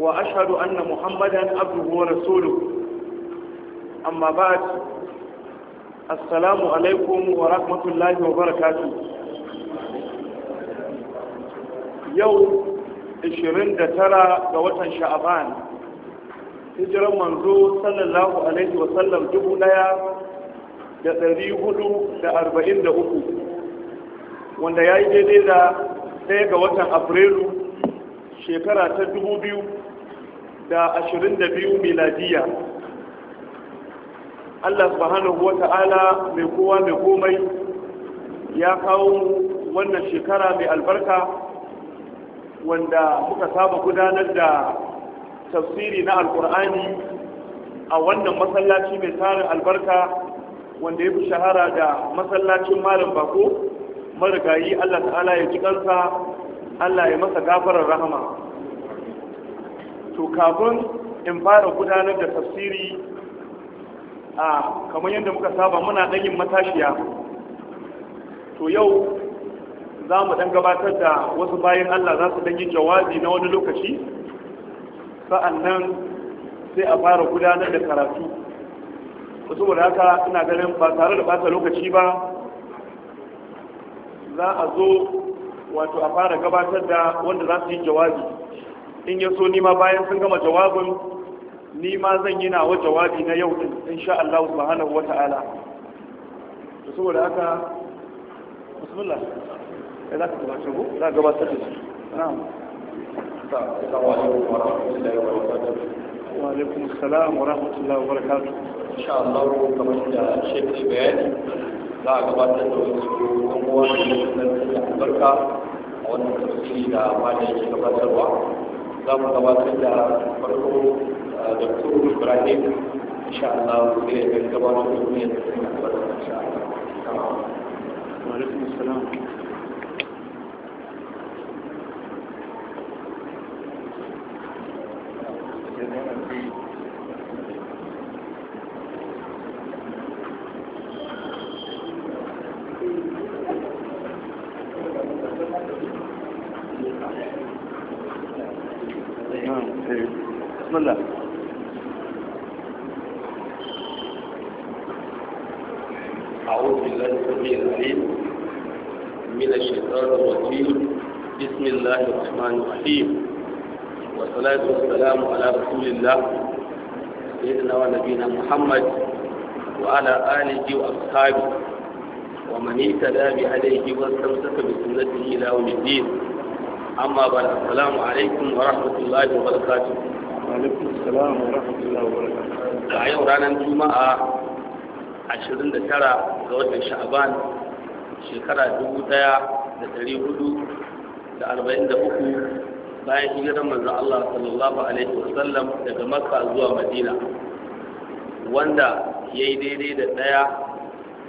وأشهد أن محمدا عبده ورسوله أما بعد السلام عليكم ورحمة الله وبركاته يوم 29 ga watan sha'aban hijiran manzo sallallahu alaihi wa sallam dubu daya da ɗari hudu da arba'in da uku wanda ya yi daidai da ɗaya ga watan afrilu shekara ta dubu biyu da ashirin da biyu miladiya allah subhanahu wa ta'ala mai kowa mai komai ya kawo wannan shekara mai albarka wanda muka saba gudanar da tafsiri na alkur'ani a wannan masallaci mai tarin albarka wanda ya fi shahara da masallacin malam bako marigayi allah ta'ala ya ji kansa allah ya masa gafarar rahama to kafin in fara gudanar da tafsiri a kamar yadda muka saba muna ɗanyin matashiya to yau za mu ɗan gabatar da wasu bayan Allah za su ɗan yi jawabi na wani lokaci sa'annan sai a fara gudanar da karatu wasu haka ina ganin ba tare da bata lokaci ba za a zo wato a fara gabatar da wanda za su yi jawabi in ya so nima bayan sun gama jawabin nima zan yi nawa jawabi na yau din insha Allah subhanahu wa ta'ala to saboda haka bismillah kai eh, za ka gabatar ko za ka gabatar da shi na'am assalamu alaikum wa rahmatullahi wa barakatuh wa alaikum assalam wa rahmatullahi wa barakatuh insha Allah kamar da ya bayani za a gabatar da wasu ɗan uwa da albarka a wannan tafsiri da malamin gabatarwa za mu gabatar da farko eh, da turu ibrahim insha Allah sai ya gabatar da duniyar da suka gabatar insha Allah. Wa alaikum assalam. والسلام على رسول الله سيدنا ونبينا محمد وعلى آله وأصحابه ومن اهتدى بهديه واستمسك بسنته إلى يوم الدين أما بعد السلام عليكم ورحمة الله وبركاته وعليكم السلام ورحمة الله وبركاته a yau ranar juma'a 29 ga watan sha'aban shekara 1443 bayan hijiran manzo Allah sallallahu alaihi wasallam daga makka zuwa madina wanda ya yi daidai da ɗaya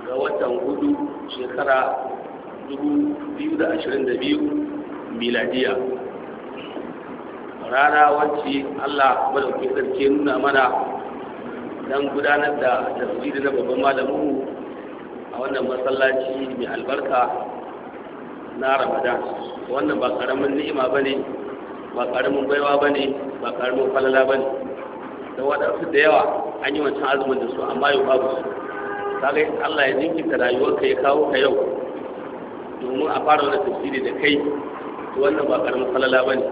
ga watan hudu shekara 2022 miladiya rana wacce Allah madauki sarki nuna mana don gudanar da tafsiri na babban malamu a wannan masallaci mai albarka na ramadan wannan ba karamin ni'ima ba ne ba ƙaramin baiwa ba ne ba ƙaramin falala ba ne da waɗansu da yawa an yi wancan azumin da su amma yau babu su kaga Allah ya jinkirta rayuwarka ya kawo ka yau domin a fara wani tafsiri da kai wannan ba ƙaramin falala ba ne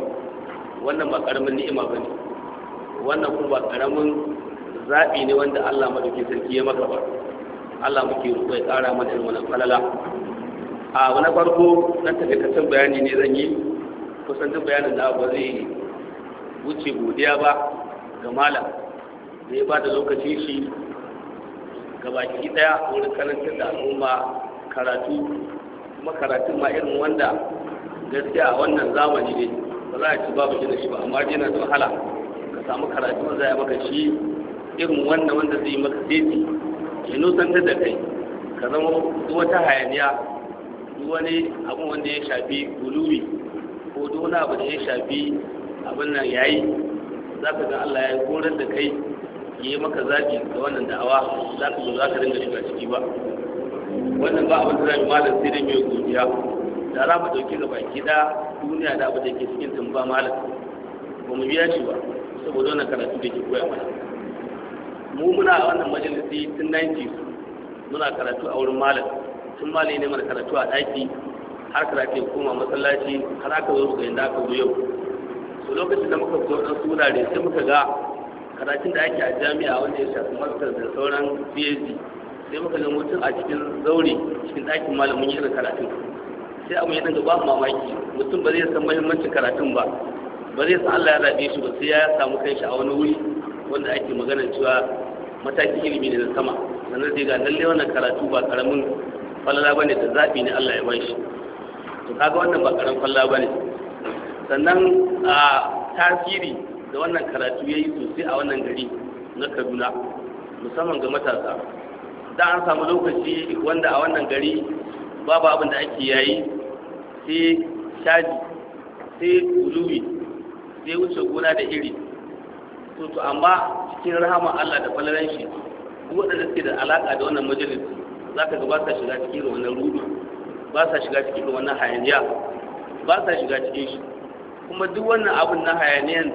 wannan ba ƙaramin ni'ima ba ne wannan kuma ba ƙaramin zaɓi ne wanda Allah madauki sarki ya maka ba Allah muke roƙo ya ƙara mana wannan falala a wani farko nan takaitaccen bayani ne zan yi kusan duk bayanin da ba zai wuce godiya ba ga malam da ya ba da lokaci shi ga baki daya wurin karantar da al'umma karatu kuma karatun ma irin wanda gaskiya a wannan zamani ne ba za a ci babu shi da shi ba amma dai na da wahala ka samu karatu za a maka shi irin wannan wanda zai maka daidai ya nusantar da kai ka zama wata hayaniya wani abin wanda ya shafi gulubi ko duk wani abu da ya shafi abin nan yayi za ka ga Allah ya horar da kai ya yi maka zafi ga wannan da'awa za ka zo za ka dinga shiga ciki ba wannan ba abin da za malam sai dai mai godiya da za mu ɗauki ga baki da duniya da abin da ke cikin tumba malam ba mu biya shi ba saboda wannan karatu da ke koya mana mu muna a wannan majalisi tun 90 muna karatu a wurin malam tun malam ne mana karatu a ɗaki har ka ke koma masallaci har aka zo ga inda aka zo yau so lokacin da muka zo dan sunare sai muka ga karatun da ake a jami'a wanda ya shafi master da sauran PhD sai muka ga mutum a cikin zaure cikin ɗakin malamin yana karatun sai abu ya dinga ba mamaki mutum ba zai san muhimmancin karatun ba ba zai san Allah ya zaɓe shi ba sai ya samu kanshi a wani wuri wanda ake magana cewa matakin ilimi ne na sama sannan ya ga lalle wannan karatu ba karamin falala bane da zaɓi ne Allah ya ba shi to kaga wannan ba karan kwalla ba ne sannan a tasiri da wannan karatu ya yi sosai a wannan gari na kaduna musamman ga matasa da an samu lokaci wanda a wannan gari babu abin da ake yayi sai shaji sai kuluwi sai wuce gona da iri to to amma cikin rahama Allah da falalan shi waɗanda suke da alaka da wannan majalis za ka gabata shiga cikin wannan rudu ba sa shiga cikin wannan hayaniya ba sa shiga cikin shi kuma duk wannan abin na hayaniyan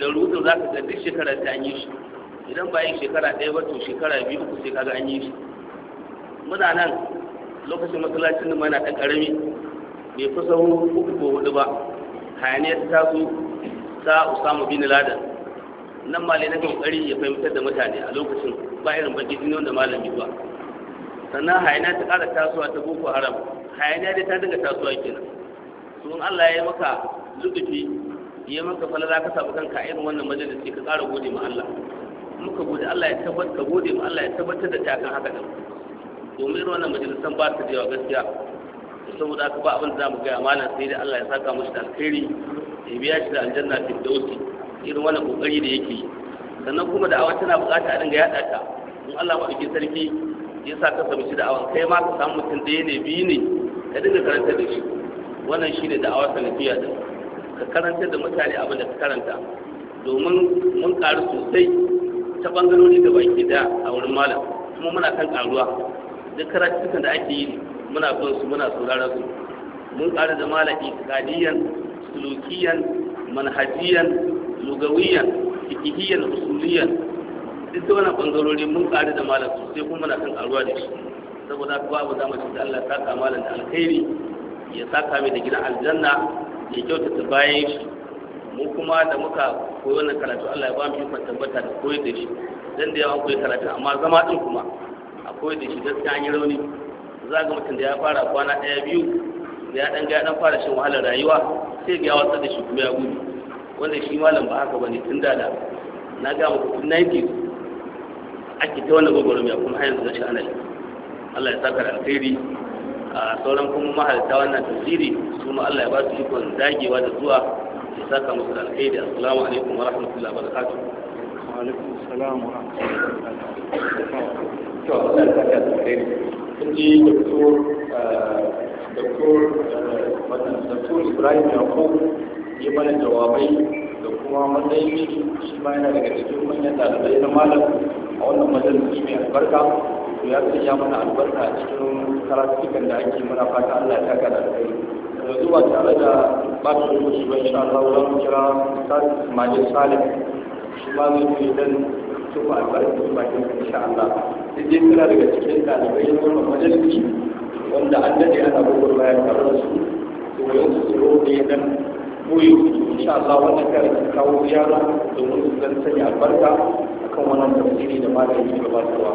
da rutsin za ka ga duk shekara ta an yi shi idan bayan shekara ɗaya ba to shekara biyu uku sai kaga an yi shi muna nan lokacin masallacin nan mana ɗan ƙarami bai fi sahu uku ko hudu ba hayaniya ta taso ta usama bin laden nan malai na kokari ya fahimtar da mutane a lokacin ba irin baki jini wanda malami ba sannan hayaniya ta ƙara tasowa ta boko haram hayaniya dai ta dinga tasowa kenan su in Allah ya yi maka lutufi ya maka falala ka samu kanka irin wannan majalisi ka ƙara gode ma Allah muka gode Allah ya tabbata ka gode ma Allah ya tabbatar da takan haka din domin irin wannan majalisan ba su da yawa gaskiya saboda haka ba abin da za mu gaya malam sai da Allah ya saka mushi da alkhairi ya biya shi da aljanna fi dausi irin wannan kokari da yake sannan kuma da awan tana bukata a dinga yada ta in Allah madaukin sarki ya sa ka samu shi da awan kai ma ka samu mutum ya ne biyu ne ka dinga karanta da shi wannan shi ne da awa salafiya da ka karanta da mutane abin da ka karanta domin mun karu sosai ta bangarori da baki da a wurin malam kuma muna kan karuwa duk karatun da ake yi muna bin su muna sauraron su mun karu da malaki itikadiyan sulukiyan manhajiyan lugawiyan fikihiyan usuliyan duk da wannan bangarori mun karu da malam sosai kuma muna kan karuwa da shi saboda kuwa ba za mu ci Allah ta kama da alkhairi ya saka mai da gidan aljanna ya kyautata bayan shi mu kuma da muka koyi wannan karatu Allah ya ba mu ikon tabbata da koyi da shi dan da yawan koyi karatu amma zama din kuma a koyi da shi gaskiya an yi rauni za ga mutum da ya fara kwana ɗaya biyu da ya ɗan ga ɗan fara shan wahalar rayuwa sai ga ya watsar da shi kuma ya gudu wanda shi malam ba haka bane tun da da na ga mutum 90 ake ta wannan gwagwarmaya kuma har yanzu ga shi ana Allah ya saka alkhairi a sauran kuma mahalta wannan tasiri su ma Allah ya ba su ikon dagewa da zuwa ya saka musu da alkhairi assalamu alaikum wa rahmatullahi wa barakatuh wa alaikum assalam wa rahmatullahi wa barakatuh to ji doktor doktor Ibrahim Yakub ya mana jawabai da kuma matsayin shi ma yana daga cikin manyan dalibai na malam a wannan majalisi mai albarka wato ya sanya mana albarka a cikin karatukan da ake mana fata Allah ta taka da kai yanzu ba tare da ba su lokaci ba insha Allah za kira majin Salim shi ma zai yi dan ba albarka ba kin insha Allah sai dai kira daga cikin dalibai ya wannan majalisi wanda an dade ana gugur bayan tare da su to yanzu su roƙe dan koyo insha Allah wannan kare kawo ziyara domin su zan sanya albarka akan wannan tafsiri da malami ba.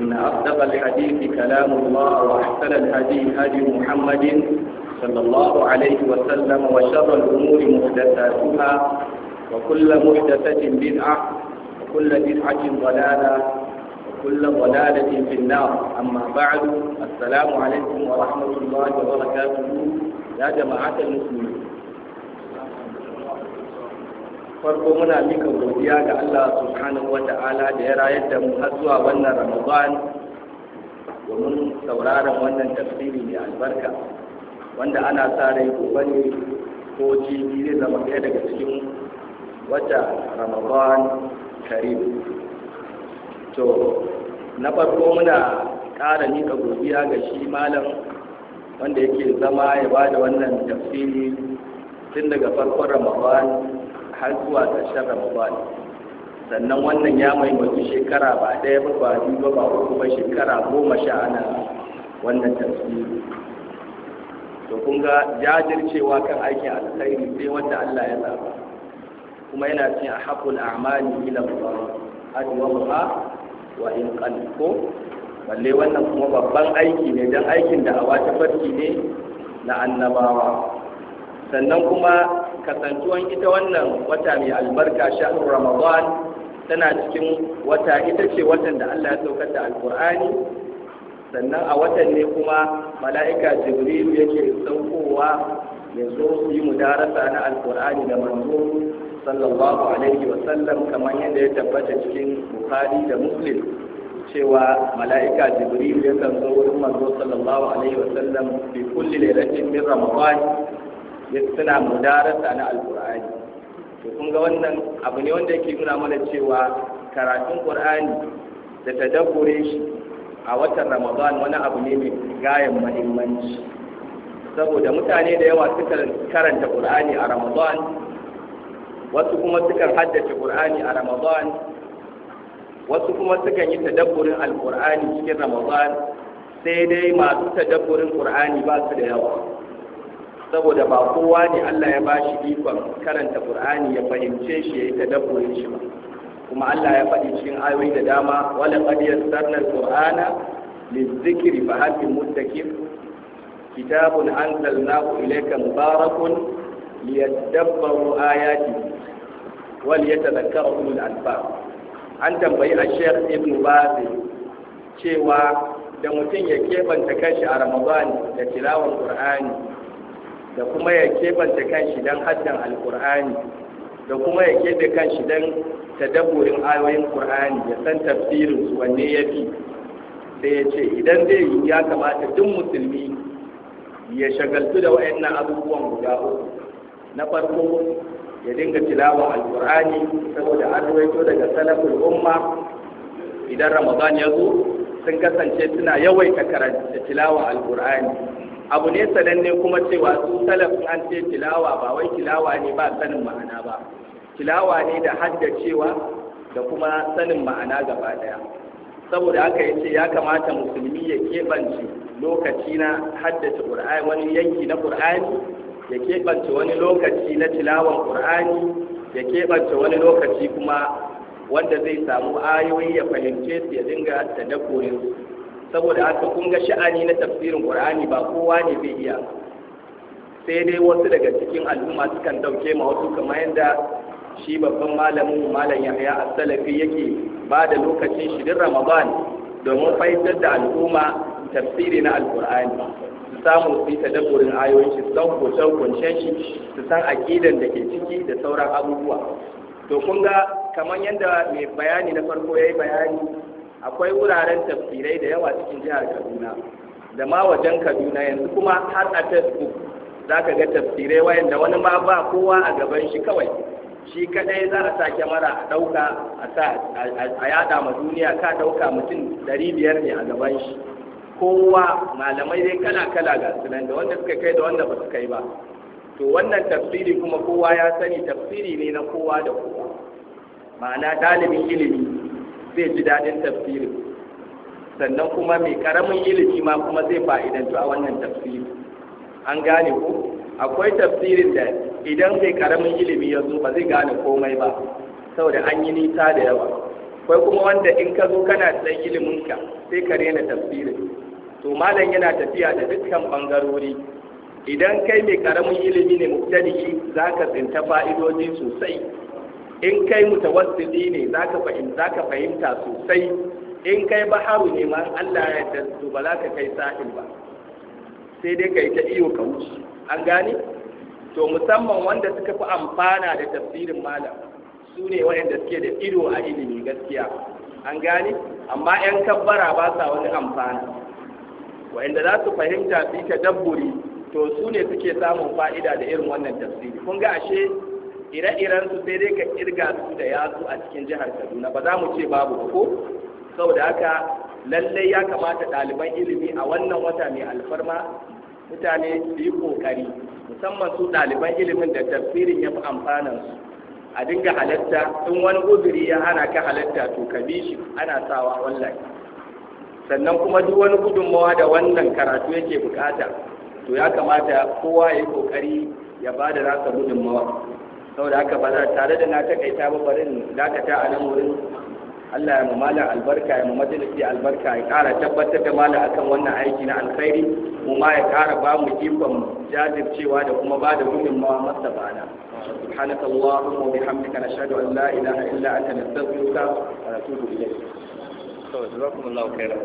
إن أصدق الحديث كلام الله وأحسن الهدي هدي محمد صلى الله عليه وسلم وشر الأمور محدثاتها وكل محدثة بدعة وكل بدعة ضلالة وكل ضلالة في النار أما بعد السلام عليكم ورحمة الله وبركاته يا جماعة المسلمين farko muna mika godiya ga Allah subhanahu ta'ala da ya rayar da mu har zuwa wannan Ramadan domin sauraron wannan tafsiri mai albarka wanda ana sa rai gobe ko jibi zai zama ɗaya daga cikin wata Ramadan karim to na farko muna ƙara mika godiya ga shi malam wanda yake zama ya ba da wannan tafsiri tun daga farkon Ramadan har zuwa ƙarshen ramadan sannan wannan ya maimaki shekara ba ɗaya ba ba biyu ba ba uku ba shekara goma sha ana wannan tafsiri to kun ga jajircewa kan aikin alkhairi sai wanda Allah ya zaba kuma yana cin ahqul a'mali ila Allah adwaha wa in qalko balle wannan kuma babban aiki ne dan aikin da awa ta farki ne na annabawa sannan kuma kasantuwan ita wannan wata mai albarka sha'ar ramadan tana cikin wata ita ce watan da Allah ya saukar da alkur'ani sannan a watan ne kuma mala'ika jibrilu yake saukowa ya zo su yi mudarasa na alkur'ani da manzo sallallahu alaihi wa sallam kamar yadda ya tabbata cikin bukhari da muslim cewa mala'ika jibrilu yakan zo wurin manzo sallallahu alaihi wa sallam bi kulli lailatin min ramadan suna mudarasa na alkur'ani to kun ga wannan abu ne wanda yake nuna mana cewa karatun qur'ani da tadabbure shi a watan ramadan wani abu ne mai gayan mahimmanci saboda mutane da yawa suka karanta qur'ani a ramadan wasu kuma suka haddace qur'ani a ramadan wasu kuma suka yi tadabburin alkur'ani cikin ramadan sai dai masu tadabburin qur'ani ba su da yawa saboda ba kowa ne Allah ya bashi ikon karanta Qur'ani ya fahimce shi ya yi tadabburin shi ba kuma Allah ya faɗi cikin ayoyi da dama wala qad yassarna al-Qur'ana lizikri fa hal muttaqin kitabun anzalnahu ilayka mubarakun liyadabbaru ayatihi wal yatadhakkaru ulul albab an tambayi a Sheikh Ibn Baz cewa da mutum ya kebanta kashi a Ramadan da tilawar Qur'ani da kuma ya kebanta kanshi don haddan alkur'ani da kuma ya keɓe kanshi don tadabburin ayoyin qur'ani ya san tafsirin su wanne ya fi sai ya ce idan zai yi ya kamata duk musulmi ya shagaltu da waɗannan abubuwan guda uku na farko ya dinga tilawa alqur'ani saboda an ruwaito daga salaful umma idan ramadan ya zo sun kasance suna yawaita karanta tilawa alqur'ani abu ne sananne kuma cewa su salaf an ce tilawa ba wai tilawa ne ba sanin ma'ana ba tilawa ne da haddacewa da kuma sanin ma'ana gaba daya saboda haka ya ce ya kamata musulmi ya keɓance lokaci na haddace ƙur'ani wani yanki na ƙur'ani ya keɓance wani lokaci na tilawan ƙur'ani ya keɓance wani lokaci kuma wanda zai samu ayoyi ya fahimce su ya dinga da dakorinsu saboda haka kun ga sha'ani na tafsirin qur'ani ba kowa ne bai iya sai dai wasu daga cikin al'umma sukan dauke ma wasu kamar yadda shi babban malamin malam yahya as-salafi yake ba da lokacin shirin ramadan domin fahimtar da al'umma tafsiri na alkur'ani su samu su yi tadabburin ayoyin shi san kunshen kunshen shi su san aƙidan da ke ciki da sauran abubuwa to kun ga kamar yadda mai bayani na farko ya yi bayani akwai wuraren tafsirai da yawa cikin jihar kaduna da ma wajen kaduna yanzu kuma har a facebook za ka ga tafsirai wayanda wani ma ba kowa a gaban shi kawai shi kadai za a sake mara a ɗauka a yada ma duniya ka ɗauka mutum ɗari biyar ne a gaban shi kowa malamai dai kala kala ga sunan da wanda suka kai da wanda ba su kai ba to wannan tafsiri kuma kowa ya sani tafsiri ne na kowa da kowa ma'ana ɗalibin ilimi zai ji daɗin tafsiri sannan kuma mai ƙaramin ilimi ma kuma zai fa'idantu a wannan tafsiri an gane ko akwai tafsirin da idan zai ƙaramin ilimi ya zo ba zai gane komai ba saboda an yi nisa da yawa akwai kuma wanda in ka zo kana da iliminka sai ka rena tafsirin to malam yana tafiya da dukkan ɓangarori idan kai mai ƙaramin ilimi ne mubtadi za ka tsinta fa'idoji sosai in kai mutawassiti ne zaka ka fahimta sosai in kai baharu ne ma Allah ya yarda to ba za ka kai sahil ba sai dai kai ta iyo ka wuce an gane to musamman wanda suka fi amfana da tafsirin malam su ne waɗanda suke da ido a ilimi gaskiya an gane amma 'yan kabbara ba sa wani amfana waɗanda za su fahimta su yi dabburi to su ne suke samun fa'ida da irin wannan tafsiri kun ga ashe ire-iren su sai dai ka kirga su da yatsu a cikin jihar Kaduna ba za mu ce babu ko saboda haka lallai ya kamata ɗaliban ilimi a wannan wata mai alfarma mutane su yi kokari musamman su ɗaliban ilimin da tafsirin ya fi amfanan su a dinga halatta in wani guzuri ya hana ka halatta to ka bi shi ana sawa wallahi sannan kuma duk wani gudunmawa da wannan karatu yake bukata to ya kamata kowa ya yi kokari ya ba da rasa gudunmawa saboda haka ba za tare da na takaita ba barin dakata a nan wurin Allah ya mu malam albarka ya mu da albarka ya kara tabbatar da malam akan wannan aiki na alkhairi mu ma ya kara ba mu ikon jajircewa da kuma ba da gudunmawa masa bana سبحانك اللهم وبحمدك نشهد ان لا اله الا انت نستغفرك ونتوب اليك to jazakumullahu khairan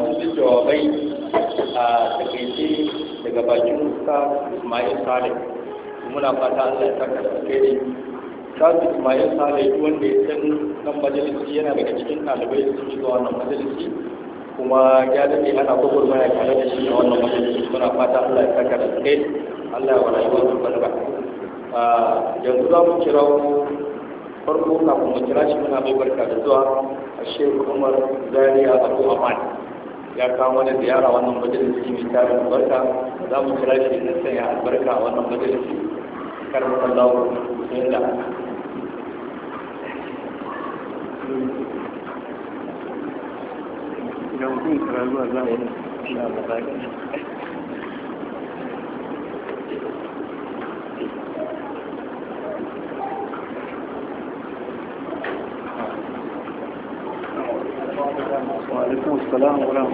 mun um, ji jawabai a uh, takaice daga bakin Ustaz Ismail Saleh muna fata Allah ya saka su kai kasu Ismail Sale wanda ya san nan majalisi yana daga cikin ɗalibai da suke zuwa wannan majalisi kuma ya daɗe ana gwagwarmaya tare da shi a wannan majalisi muna fata Allah ya saka da su kai Allah ya wani wani barba yanzu za mu kira farko kafin mu kira shi muna mai barka da zuwa a shehu Umar Zaria Abu Aman ya kawo wani ziyara wannan majalisi mai tarin albarka za mu kira shi na sanya albarka a wannan majalisi karbar Allah sai da idan kun kira zuwa za mu yi na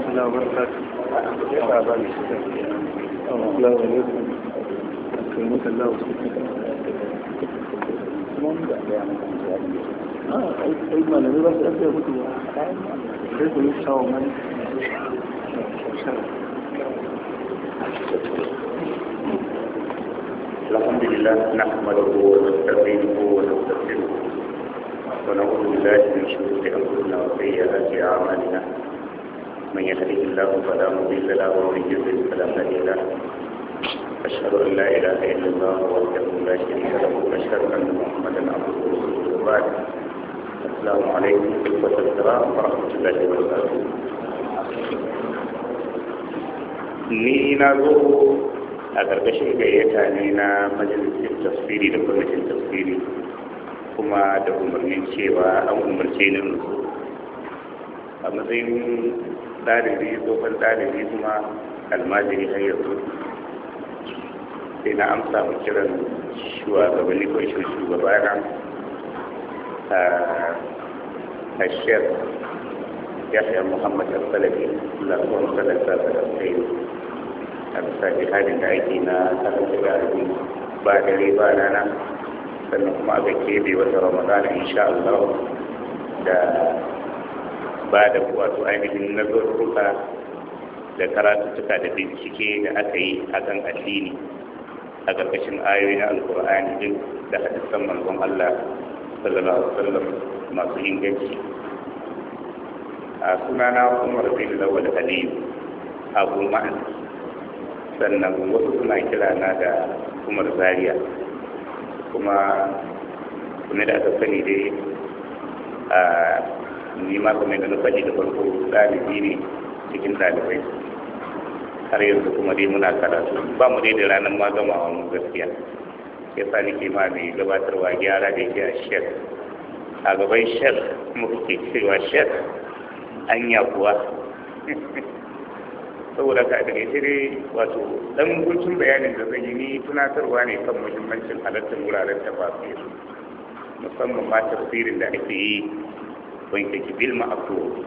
الله وبركاته. السلام الله ما الحمد لله نحمده ونستعينه ونستغفره ونعوذ بالله من شرور انفسنا وسيئات اعمالنا من يهده الله فلا مضل له ومن يضلل فلا هادي له أشهد أن لا إله إلا الله وحده لا شريك له وأشهد أن محمدا عبده ورسوله بعد السلام عليكم ورحمة ورحمة الله وبركاته ni na zo a ƙarƙashin gayyata ne na majalisar tafsiri da kwamitin tafsiri kuma da umarnin cewa an umarce ni a matsayin ɗalibi tsohon ɗalibi kuma almajiri har yanzu sai na amsa mu kiran shugabanni ko shi shugaba na a ya yahya muhammad al-salafi na kuma salasa da kai a bisa jihadin da ake na karanta da arabi ba dare ba rana sannan kuma aka kebe wata ramadana insha Allah da ba da wato ainihin ruka da karatuttuka da bincike da aka yi akan addini a ƙarƙashin ayoyi na alkur'ani din da hadisan manzon Allah sallallahu alaihi wasallam masu inganci a sunana Umar bin Lawal Aliyu Abu Ma'an sannan wasu suna kira na da Umar Zaria kuma kuma da aka sani dai a ni ma kuma da na faɗi da farko ɗalibi ne cikin ɗalibai har yanzu kuma dai muna karatu ba mu dai da ranar ma gamawa mu gaskiya ya sa nake ma mai gabatarwa gyara da yake a shek a gaban shek ke cewa shek an ya kuwa saboda ka daga ita dai wato dan guntun bayanin da zan yi ni tunatarwa ne kan muhimmancin halartar wuraren tafafiyar musamman ma tafsirin da ake yi wanke kibil ma'afuwa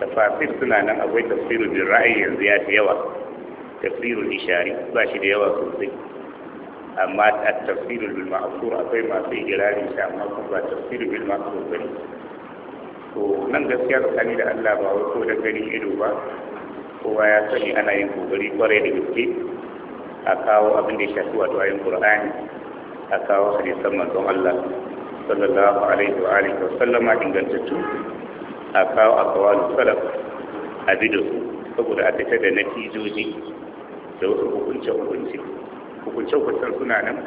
tafasir suna nan akwai tafsirul bin ra'ayi yanzu ya fi yawa tafsirul ishari ba shi da yawa sosai amma a tafsirul bil ma'sur akwai masu igirari shi amma kuma ba tafsirul bil ma'sur bane to nan gaskiya tsakani da Allah ba wai ko da gani ido ba kowa ya sani ana yin kokari kwarai da gaske a kawo abin da ya shafi wato ayin Qur'ani a kawo hadisan manzon Allah sallallahu alaihi wa alihi wa sallama ingantattu a kawo a kawalu salaf a bi da saboda a fita da natijoji da wasu hukunce-hukunce hukunce-hukuncen suna nan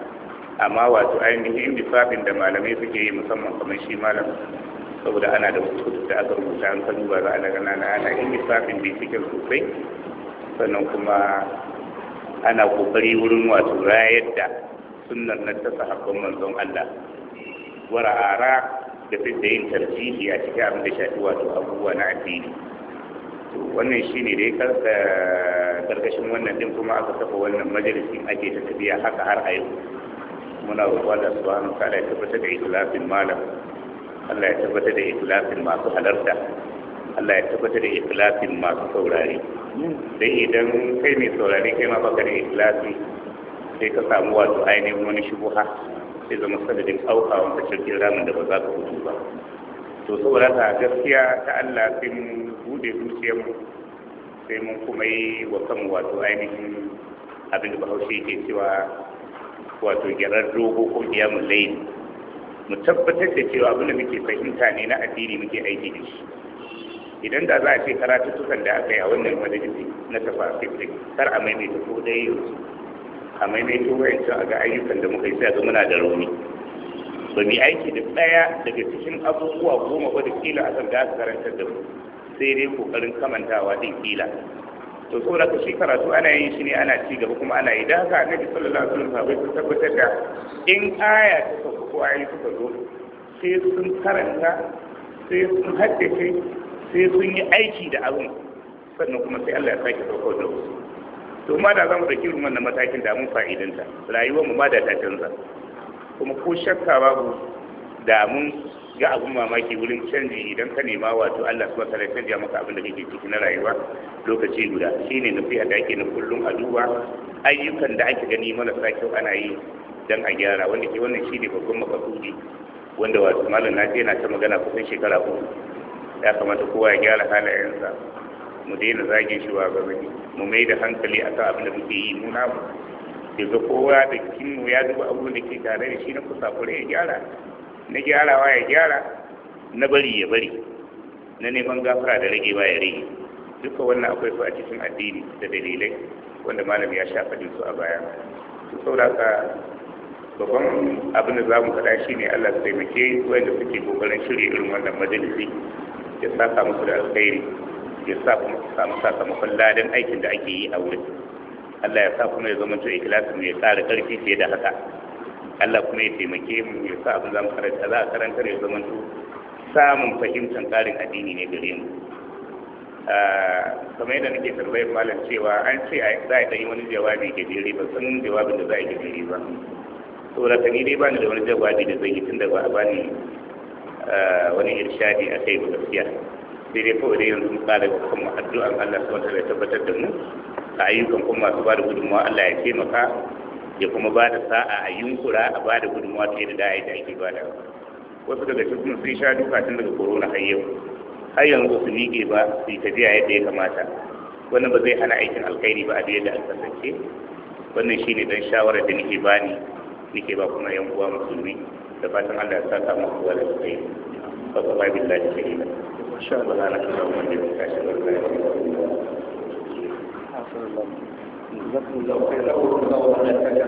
amma wato ainihin lissafin da malamai suke yi musamman kamar shi malam saboda ana da wasu da aka rubuta an kalu ba za a daga nana ana yin lissafin da cikin sosai sannan kuma ana kokari wurin wato rayar da sunan na ta sahabban manzon Allah wara'ara da da yin tarjihi a cikin abin da shafi wato abubuwa na addini to wannan shi ne dai eh, karkashin wannan din kuma aka saba wannan majalisin ake ta tafiya haka har a yau muna roƙon da subhanahu wa ta'ala ya tabbatar da ikhlasin malam Allah ya tabbatar da ikhlasin masu halarta Allah ya tabbatar da ikhlasin masu saurare dai idan kai mai saurare kai ma baka da ikhlasi sai ka samu wato ainihin wani shubuha sai zama sanadin aukawa ta cikin ramin da ba za ka hutu ba to saboda ta gaskiya ta Allah sai mun bude zuciyarmu sai mun kuma yi wa kan wato ainihin abin da bahaushe ke cewa wato gyarar dogo ko mu layi mu tabbatar da cewa abin da muke fahimta ne na addini muke aiki da shi idan da za a ce karatuttukan da aka yi a wannan majalisi na tafafi kar a maimaita ko dai yanzu a maimaito yanzu a ga ayyukan da muka yi sai ga muna da rauni ba mu aiki da ɗaya daga cikin abubuwa goma ba da kila a kan gasa karantar da mu sai dai kokarin kamantawa din kila to saboda ka shi karatu ana yin shi ne ana ci gaba kuma ana yi da haka annabi sallallahu alaihi wasallam sahabbai sun tabbatar da in aya ta sauka ko ayi suka zo sai sun karanta sai sun haddace sai sun yi aiki da abin sannan kuma sai Allah ya sake sauka da wasu to ma da za mu ɗauki ruman na matakin da mun fa'idanta rayuwar mu ma da ta canza kuma ko shakka babu da mun ga abun mamaki wurin canji idan ka nema wato Allah subhanahu ya canja maka abin da kake ciki na rayuwa lokaci guda shine nufi da ake na kullum a duba ayyukan da ake gani marasa kyau ana yi dan a gyara wanda ke wannan shine babban makasudi wanda wato malam na yana ta magana kusan shekara uku ya kamata kowa ya gyara halayensa mu daina zagin shi wa gabani mu mai da hankali kan abin da muke yi nuna mu ga kowa da kinu ya duba abubuwan da ke tare da shi na kusakure ya gyara na gyarawa ya gyara na bari ya bari na neman gafara da ragewa ya rage duka wannan akwai su a cikin addini da dalilai wanda malam ya sha faɗin su a baya su sauraka babban abin da za mu faɗa shi ne allah su taimake wanda suke kokarin shirya irin wannan majalisi ya saka musu da alkhairi ya sa kuma ku samu sakamakon ladan aikin da ake yi a wurin Allah ya sa kuma ya zama to ikhlasin ya ƙara ƙarfi fiye da haka Allah kuma ya taimake mu ya sa abin zamu karanta za a karanta ya zama to samun fahimtar ƙarin addini ne gare mu ah, kamar yadda nake tarbayar malam cewa an ce za a yi wani jawabi gajere ba san jawabin da za a yi gajere ba saboda ka ni dai bani da wani jawabi da zai yi tun da ba a bani ah, wani irshadi a kai ba gaskiya sai dai kawai dai yanzu tsara wa kuma addu'an Allah su wata da tabbatar da mu a ayyukan kuma masu ba da gudunmawa Allah ya taimaka ya kuma ba da sa'a a yunkura a ba da gudunmawa yadda da yi da ake ba da wasu daga cikin sun sha duka tun daga korona har yau har yanzu su miƙe ba su yi tafiya yadda ya kamata wannan ba zai hana aikin alkhairi ba a biyar da an kasance wannan shine dan shawarar da nake bani nake ba kuma yan uwa musulmi da fatan Allah ya sa saka mu kuwa da kai fa billahi shahida سبحانك اللهم وبحمدك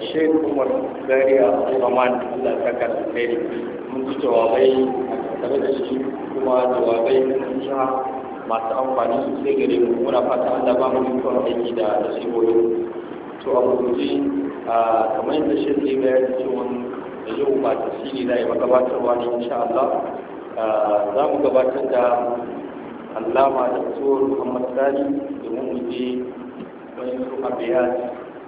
اشهد ان لا اله الا انت الشيخ tare da shi kuma jawabai na sha masu amfani sai gare mu muna fata Allah ba mu ikon aiki da nasibobi to a guje kamar yadda shi zai bayar da cewa da yau ba tasiri na yi magabatarwa ne insha Allah Ah, za mu gabatar da alama da tsohon muhammad sani domin mu je wani su abiyat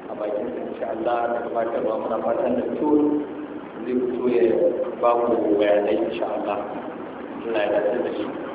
a bakin da insha Allah da da muna fatan da tsohon zai fito ya ba mu bayanai insha Allah Allah ya da shi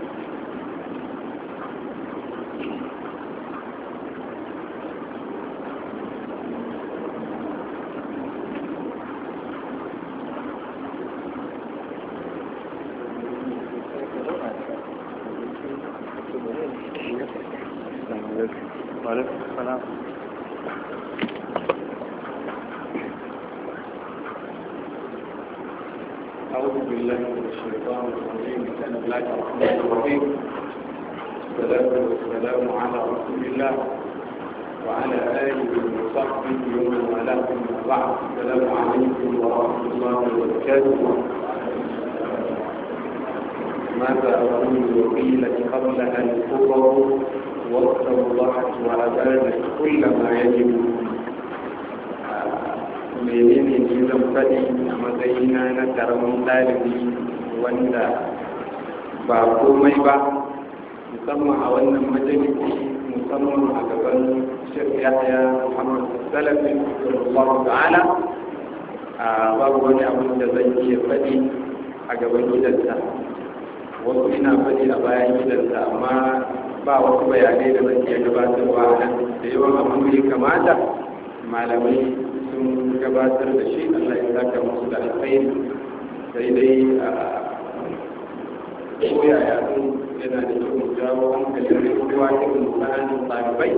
cikin ruwa irin tsananin ɗalibai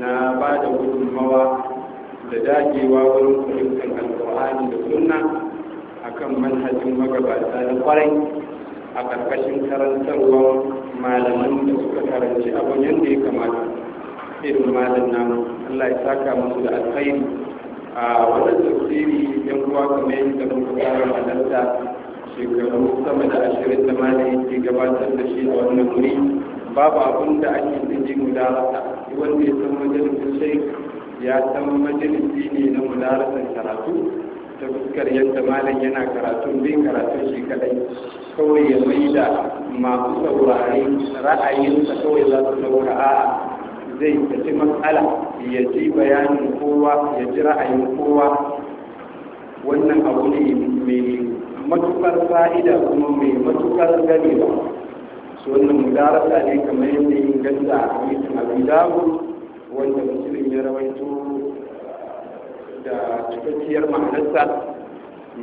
na ba da gudunmawa da dagewa wurin fahimtar alƙur'ani da sunna a kan manhajin magabata na kwarai a ƙarƙashin karantarwar malaman da suka karanci abin yadda ya kamata irin malam namu Allah ya saka musu da alkhairi a wannan tafsiri yan uwa kamar yadda muka fara halarta shekaru sama da ashirin da malam yake gabatar da shi a wannan wuri babu abin da ake jin mudarasa wanda ya san majalisun sai ya san majalisi ne na mudarasan karatu ta fuskar yadda malam yana karatu bin karatu shi kadai kawai ya mai da masu saurare ra'ayinsa kawai za su dauka a'a zai tafi matsala ya ji bayanin kowa ya ji ra'ayin kowa wannan abu ne mai matukar fa'ida kuma mai matukar ganewa su wannan mudarasa ne kamar yadda yin ganda a hadisin abu dawud wanda musulun ya rawaito da cikakkiyar ma'anarsa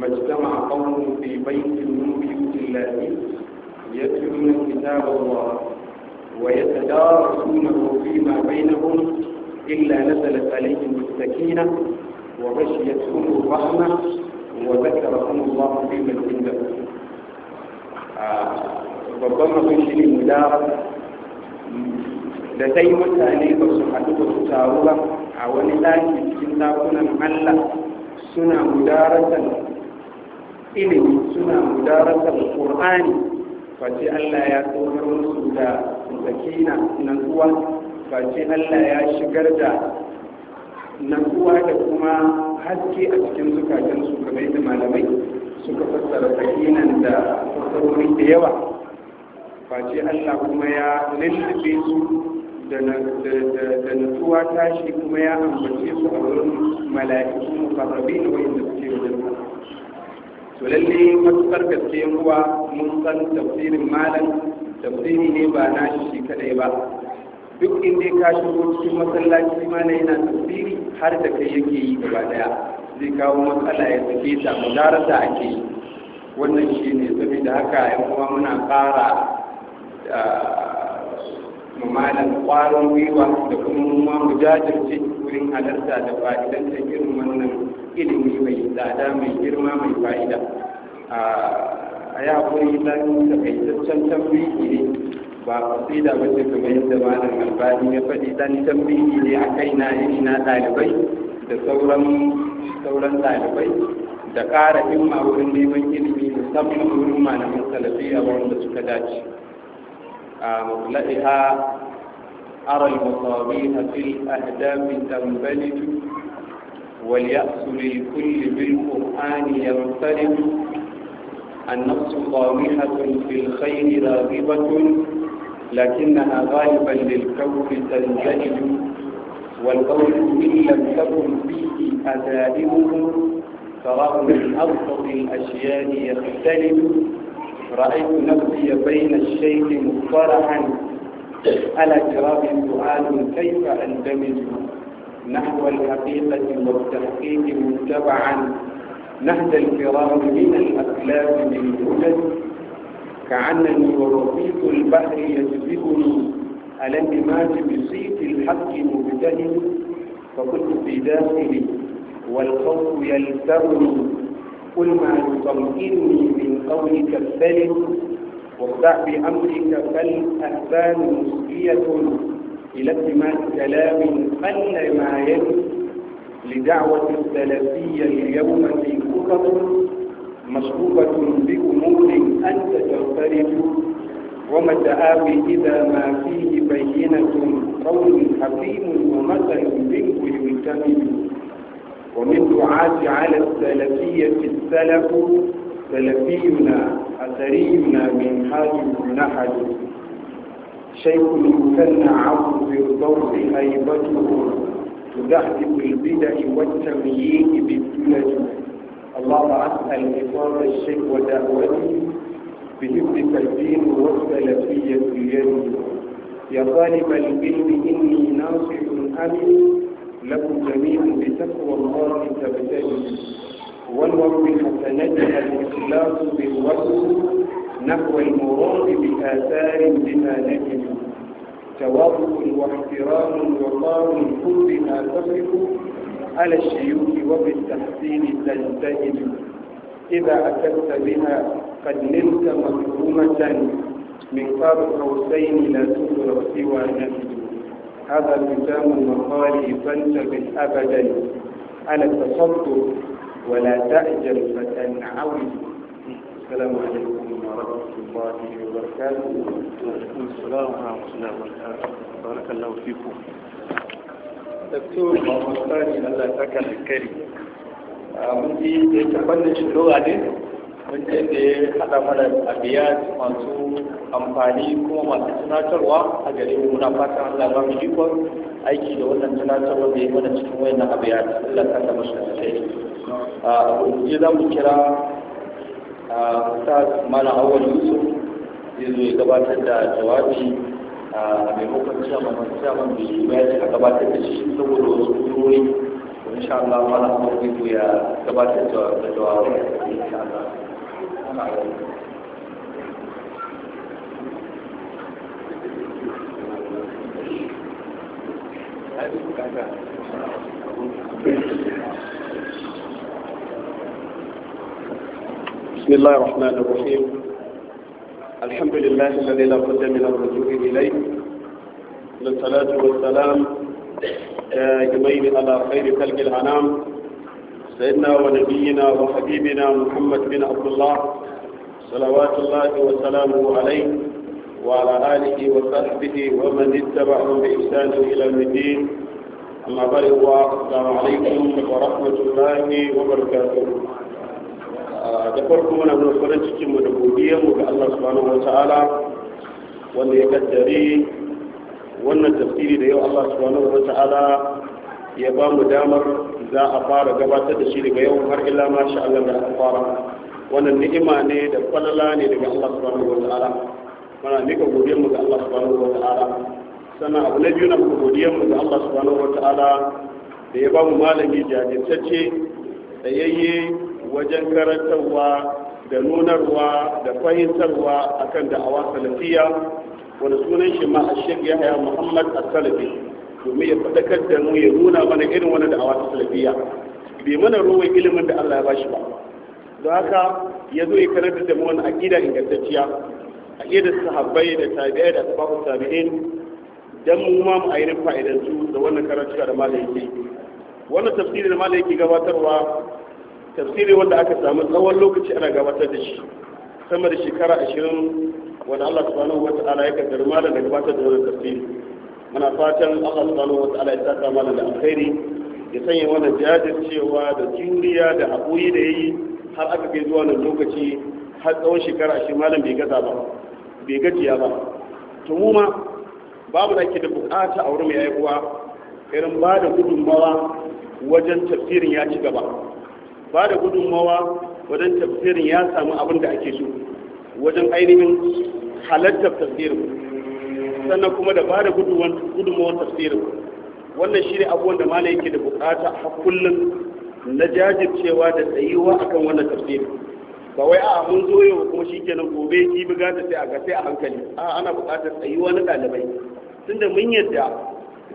majtama qawmun fi baitin min buyutillahi yatluna kitab Allah wa yatadarasunahu fima bainahum illa nazalat alayhim as-sakinah wa ghashiyatuhum ar-rahmah wa dhakarahum Allah fi man indahu babban abin shi ne guda da yi mutane ba su haɗu ba su taru ba a wani ɗaki cikin ɗakunan allah suna mudaratar ilimi suna mudaratar ƙur'ani face allah ya tsohar musu da zakina kuwa. face allah ya shigar da kuwa da kuma haske a cikin zukatansu kamar yadda malamai suka fassara zakinan da fassarori da yawa face Allah kuma ya lullube su da nutsuwa tashi kuma ya ambace su a wurin mala'iku mukarrabi da suke wajen to lalle matukar gaske kuwa mun san tafsirin malam tafsiri ne ba na shi kadai ba duk inda ka shigo cikin masallaci na yana tafsiri har da kai yake yi gaba daya zai kawo matsala ya sake ta darasa ake yi wannan shi ne saboda haka yan kuma muna ƙara mamalan kwarin gwiwa da kuma muma mu jajirce wurin halarta da fa'idan ta irin wannan ilimi mai tsada mai girma mai fa'ida a ya kuri dan takaitaccen tambayi ne ba kasida ba ce kuma yadda malam albani ya faɗi dan tambayi ne a kai na yi na ɗalibai da sauran sauran ɗalibai da ƙara himma wurin neman ilimi musamman wurin malamin salafiya wanda suka dace آه، مطلقها أرى المصابيح في الأهداف تنبلج واليأس للكل بالقرآن ينفرد النفس طامحة في الخير راغبة لكنها غالبا للكون تنجلد والقول إن لم تكن فيه أدائبه فرغم من أبسط الأشياء يختلف رأيت نفسي بين الشيخ مفرحا على جراب سؤال كيف أندمج نحو الحقيقة والتحقيق متبعا نهدى الكرام من الأخلاق من الهدد كأنني ورفيق البحر يجذبني على اندماج بصيت الحق مبتهل فكنت في داخلي والخوف يلترني قل ما يطمئنني قولك السلم واخدع بأمرك فالأحسان مسجيه إلى اتمام كلام قل ما يلي لدعوة السلفية اليوم في كتب مشروبة بأمور أنت تغترب ومتآب إذا ما فيه بينة قول حكيم ومثل منه يلتمس ومن دعاة على السلفية السلف سلفينا أثرينا من حاجب نحج شيخ المثنى عبد بالضوء هيبته تدحدث البدع والتمييز بالدلج الله أسأل إطار الشيخ ودعوته بحفظ الدين والسلفية اليد يا طالب العلم إني ناصح أمين لكم جميعا بتقوى الله تبتلي والورع بحسنتها الإخلاص بالوصف نحو المراد بآثار بما نجم تواضع واحترام وقار ما تصف على الشيوخ وبالتحسين تلتهم إذا اكدت بها قد نلت مظلومه من قاب قوسين لا تدرك سوى نفسك هذا ختام المقال فانتبه أبدا على التصدق ولا تأجل فتنعوي السلام عليكم ورحمة الله وبركاته وعليكم السلام ورحمة الله وبركاته بارك الله فيكم دكتور محمد ثاني الله يسعدك الكريم mun ji اللغة دي mun je da ya haɗa mana abiya masu amfani kuma masu tunatarwa a gare mu na fatan Allah ba mu ikon aiki da wannan tunatarwa da ya mana cikin wayannan abiya Allah ka ta mashi alheri a wuce za mu kira Ustaz Malam Awal Yusuf zai zo ya gabatar da jawabi a maimakon ciyaman ciyaman bai yi bayani a gabatar da shi saboda wasu kurori insha Allah mana Awal zai zo ya gabatar da jawabi insha Allah أنا أول بسم الله الرحمن الرحيم الحمد لله الذي لا بد من الرجوع إليه للصلاة والسلام يمين على خير خلق الأنام سيدنا ونبينا وحبيبنا محمد بن عبد الله صلوات الله وسلامه عليه وعلى آله وصحبه ومن اتبعهم بإحسان إلى المدين أما بعد السلام عليكم ورحمة الله وبركاته انا من أبن الفرنسي من الله سبحانه وتعالى وأن يقدري وأن التفكير الله سبحانه وتعالى ya ba mu damar za a fara gabatar da shi daga yau har ila ma sha Allah da fara wannan ni'ima ne da falala ne daga Allah subhanahu wa ta'ala muna mika godiyar mu ga Allah subhanahu wa ta'ala sannan abu na biyu na godiyar mu ga Allah subhanahu wa ta'ala da ya ba mu malami jajirtacce tsayayye wajen karantarwa da nunarwa da fahimtarwa akan da'awa salafiya wani sunan shi ma a shek muhammad a salafi domin ya fadakar da mu ya nuna mana irin wani da awa ta salafiya bai mana ruwan ilimin da Allah ya bashi ba don haka ya zo ya karanta da mu wani aqida ingantacciya aqidar sahabbai da tabi'ai da asbabu tabi'in dan mu ma mu ainihin fa'idantu da wannan karatuka da malai yake wannan tafsiri da malai yake gabatarwa tafsiri wanda aka samu tsawon lokaci ana gabatar da shi sama da shekara ashirin wanda Allah subhanahu wa ta'ala ya kaddara malam da gabatar da wannan tafsiri muna fatan Allah subhanahu wa ta'ala ya saka mana da alkhairi ya sanya mana jajircewa da juriya da haƙuri da yayi har aka kai zuwa nan lokaci har tsawon shekara shi malam bai gaza ba bai gajiya ba to mu ma babu da ke da bukata a wurin mai aihuwa irin ba da gudunmawa wajen tafsirin ya ci gaba ba da gudunmawa wajen tafsirin ya samu abin da ake so wajen ainihin halartar tafsirin sannan kuma da bada gudunmawar tafsirin wannan shi ne abubuwan da malam yake da bukata a kullum na jajircewa da tsayuwa akan wannan tafsirin ba wai a mun zo yau kuma shikenan gobe ki bi gata sai a ga sai a hankali a ana bukatar tsayuwa na dalibai tunda mun yadda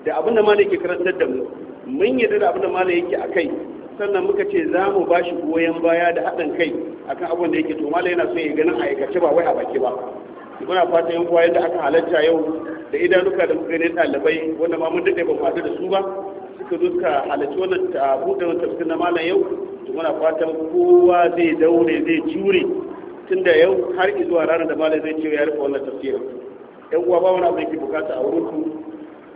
da abin da malam yake karantar da mu mun yadda da abin da malam yake akai sannan muka ce za mu ba shi goyon baya da haɗin kai akan abin da yake to malam yana so ya ganin aikace ba wai a baki ba muna fata yan uwa yadda aka halarta yau da idanuka da kuka ne ɗalibai wanda ma mun daɗe ba faɗi da su ba suka zo suka halarci wannan buɗe wannan tafsir na malam yau to muna fatan kowa zai daure zai jure tun da yau har zuwa ranar da malam zai ce ya rufe wannan tafsirin yan uwa ba wani abu yake bukata a wurin ku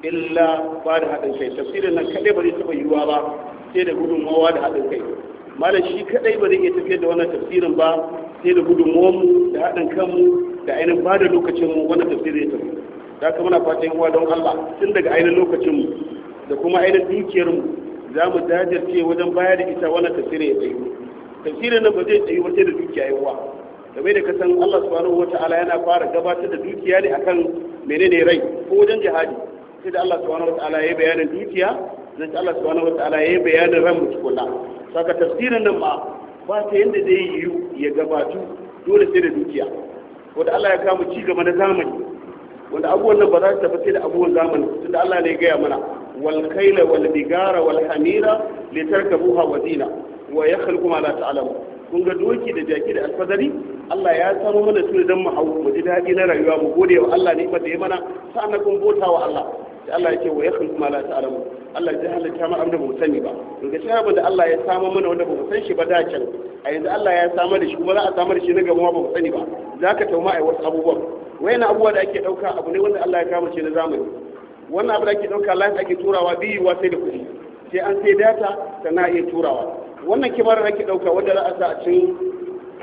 illa ba da haɗin kai tafsirin nan kaɗai ba zai taɓa yiwuwa ba sai da gudunmawa da haɗin kai malam shi kaɗai ba zai iya tafiyar da wannan tafsirin ba sai da gudunmawarmu da haɗin kanmu da ainihin ba da lokacin tafiye tafsiri ya tafi da ka muna fatan yin don Allah tun daga ainihin lokacin mu da kuma ainihin dukiyar mu za mu dajarce wajen bayar da ita wannan tafsiri ya tsayu tafsirin nan ba zai ba wata da dukiya yawa game da kasan Allah subhanahu wataala yana fara gabatar da dukiya ne akan menene rai ko wajen jihadi sai da Allah subhanahu wataala ya bayanin dukiya zai Allah subhanahu wataala ya bayanin ran mutukula saka tafsirin nan ba ta yadda zai yi ya gabatu dole sai da dukiya wanda Allah ya kama ci gaba na zamani wanda abubuwan nan ba za su tafi sai da abubuwan zamani tunda Allah ne ya gaya mana wal kaila wal bigara wal hamira li tarkabuha wa zina wa yakhluqu ma la ta'lamu kun ga doki da jaki da alfadari Allah ya samu mana su dan mu hawo mu ji dadi na rayuwa mu gode wa Allah ne ba da ya mana sa'an kun bota wa Allah da Allah yake wa yakhluqu kuma la alamu Allah ya halitta ma abin da bamu sani ba to ga shi abin da Allah ya samu mana wanda mu san shi ba da can a yanzu Allah ya samu da shi kuma za a samu da shi na gaba ba mu sani ba zaka tauma ai wasu abubuwan wayan abubuwa da ake dauka abu ne wanda Allah ya kama shi na zamani wannan abu da ake dauka lafi ake turawa biyu wa sai da kuɗi sai an sai data sannan iya turawa wannan da ake dauka wanda za a sa a cikin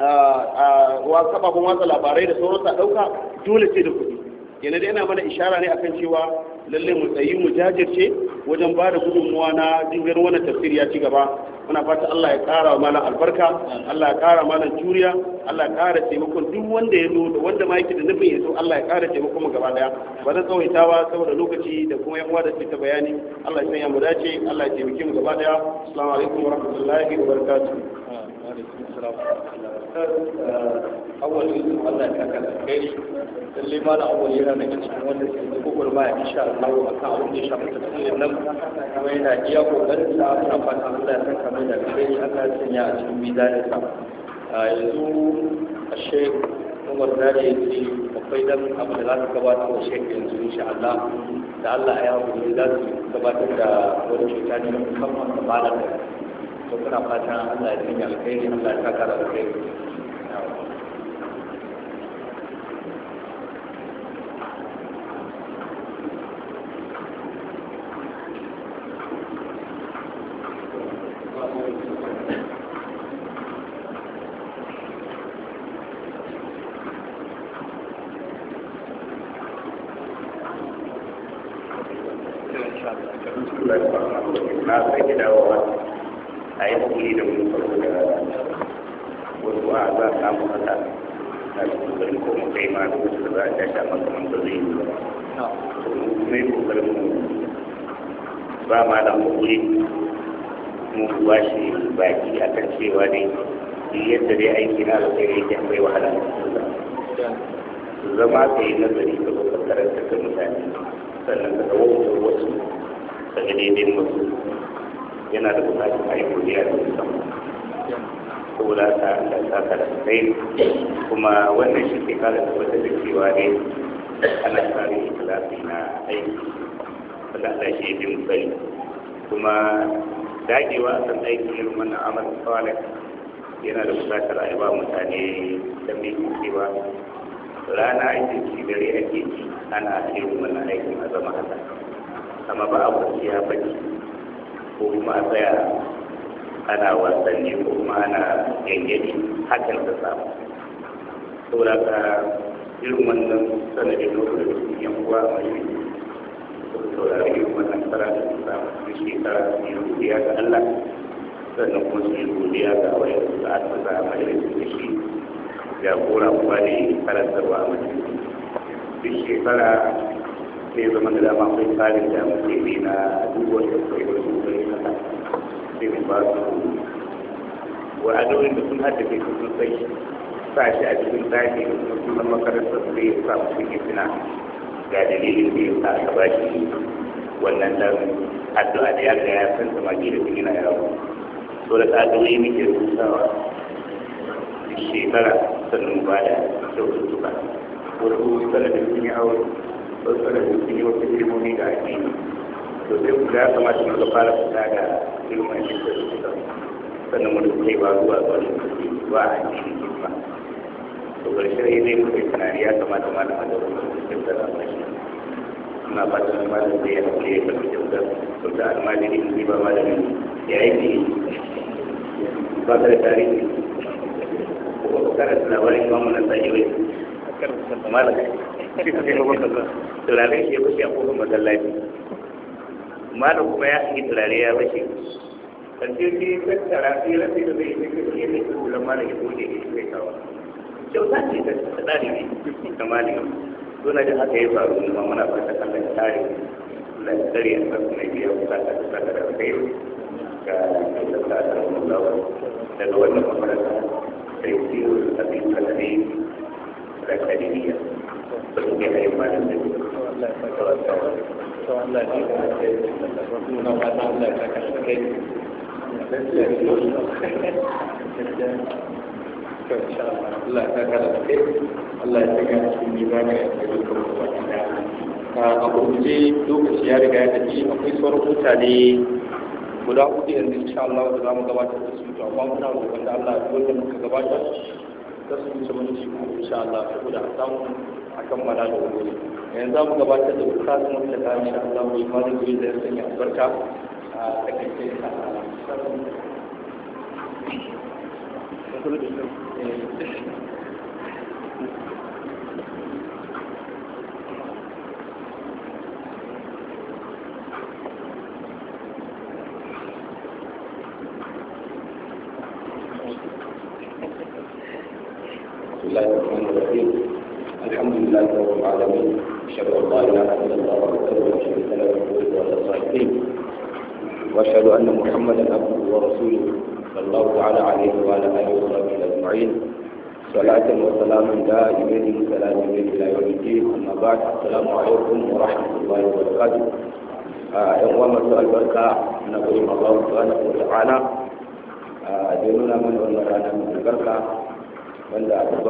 ah, ah, kafafen watsa labarai da sauransu a dauka dole sai da kuɗi kenan da yana mana ishara ne akan cewa lalle mu tsayi mu jajirce wajen ba da gudunmuwa na jingar wannan tafsir ya ci gaba muna fata Allah ya kara wa malam albarka Allah ya kara malam juriya Allah ya kara taimakon duk wanda ya zo da wanda ma yake da nufin ya zo Allah ya kara taimakon mu gaba daya ba zan tsawaitawa saboda lokaci da kuma yan uwa da suka bayani Allah ya sanya mu dace Allah ya taimake mu gaba daya assalamu alaikum warahmatullahi wabarakatuh wa awal eh, yin Allah ta kala kai lalle ma na awal yana da cikin wanda ke da kokar baya insha Allah a kan abin da ya shafi tafsirin nan kuma yana iya kokarin sa muna fata Allah ya saka mai da kai Allah ya sanya a cikin mizanin sa yanzu a shek Umar Zare ya ce akwai dan abu da za su gabatar wa shek yanzu insha Allah da Allah ya hakuri za su gabatar da wani cuta ne musamman da to kuna fata Allah ya yi alkhairi Allah ya saka da alkhairi akwai wahala da su zama ta yi nazari ka zo karanta ka mutane sannan ka dawo wasu wasu ka ga daidai wasu yana da bukatu a yi godiya da su samu ko da ta da ta karanta kai kuma wannan shi ke kara da wata da cewa ne ana tsarin ikilasi na aiki wanda Allah shi bin sani kuma dagewa a kan aiki irin wannan amurka salih yana da bukatar a ba mutane da mai kuke ba rana aikin ci dare a ci ana irin wannan aikin a zama haka amma ba a kwanciya bacci ko kuma a tsaya ana wasanni ko kuma ana yanyaci hakan da samu saboda ka irin wannan sanadin lokacin yan uwa mai saurari irin wannan tsara da su samu shekara biyu ya ga Allah sannan kuma su shi godiya ga wayar da aka sa a majalisa da shi ya kora kuma ne karantarwa a majalisa duk shekara ne zama da dama akwai tsarin da muke bi na duk wanda kai wasu kai kasa sai mu ba su wa'adodin da sun haddace su sun sai sa shi a cikin tsari da kuma makarantar su ya sa su cikin suna ga dalilin da ya sa aka ba shi wannan dan addu'a da ya ga ya san samaki da su yana yawo to da ƙaƙalai muke rubutawa shekara sannan ba da kyaututtuka wasu sanadin sun yi aure wasu sanadin sun yi wasu ilimomi da addini to sai ku ga kamata mu fara fita da ilimin kyaututtuka sannan mu yi ba zuwa wani ba a addini ba to ƙarshe ne zai mutu tunani ya kamata ma da madawar mutum da ramashi amma ba ta malam da ya haƙe ya karfi kyautar sau da almajiri ba malamin ya yi ba ka yayi malaka turare shi ya fashe a kofar masallaci malam kuma ya yi turare ya fashe kan ce shi tattara sai rafi da zai yi kashe ne ko la malam ya goge ne shi kai kawa kyauta ce ta tsari ne da malam dole da haka ya faru ne ma muna fata kan da tsari da tsari a kan ne biya kuka ta kuka da kai ga da lokaci ya riga ya tafi akwai sauran mutane guda hudu yanzu insha Allah da zamu gabatar da su to amma muna roƙon da Allah ya wanda muka gabatar da su wuce minti ko insha Allah saboda a samu a kammala da wuri yanzu zamu gabatar da bukatar mu da insha Allah mai fara guri da sanya albarka a takaice ta Allah eh,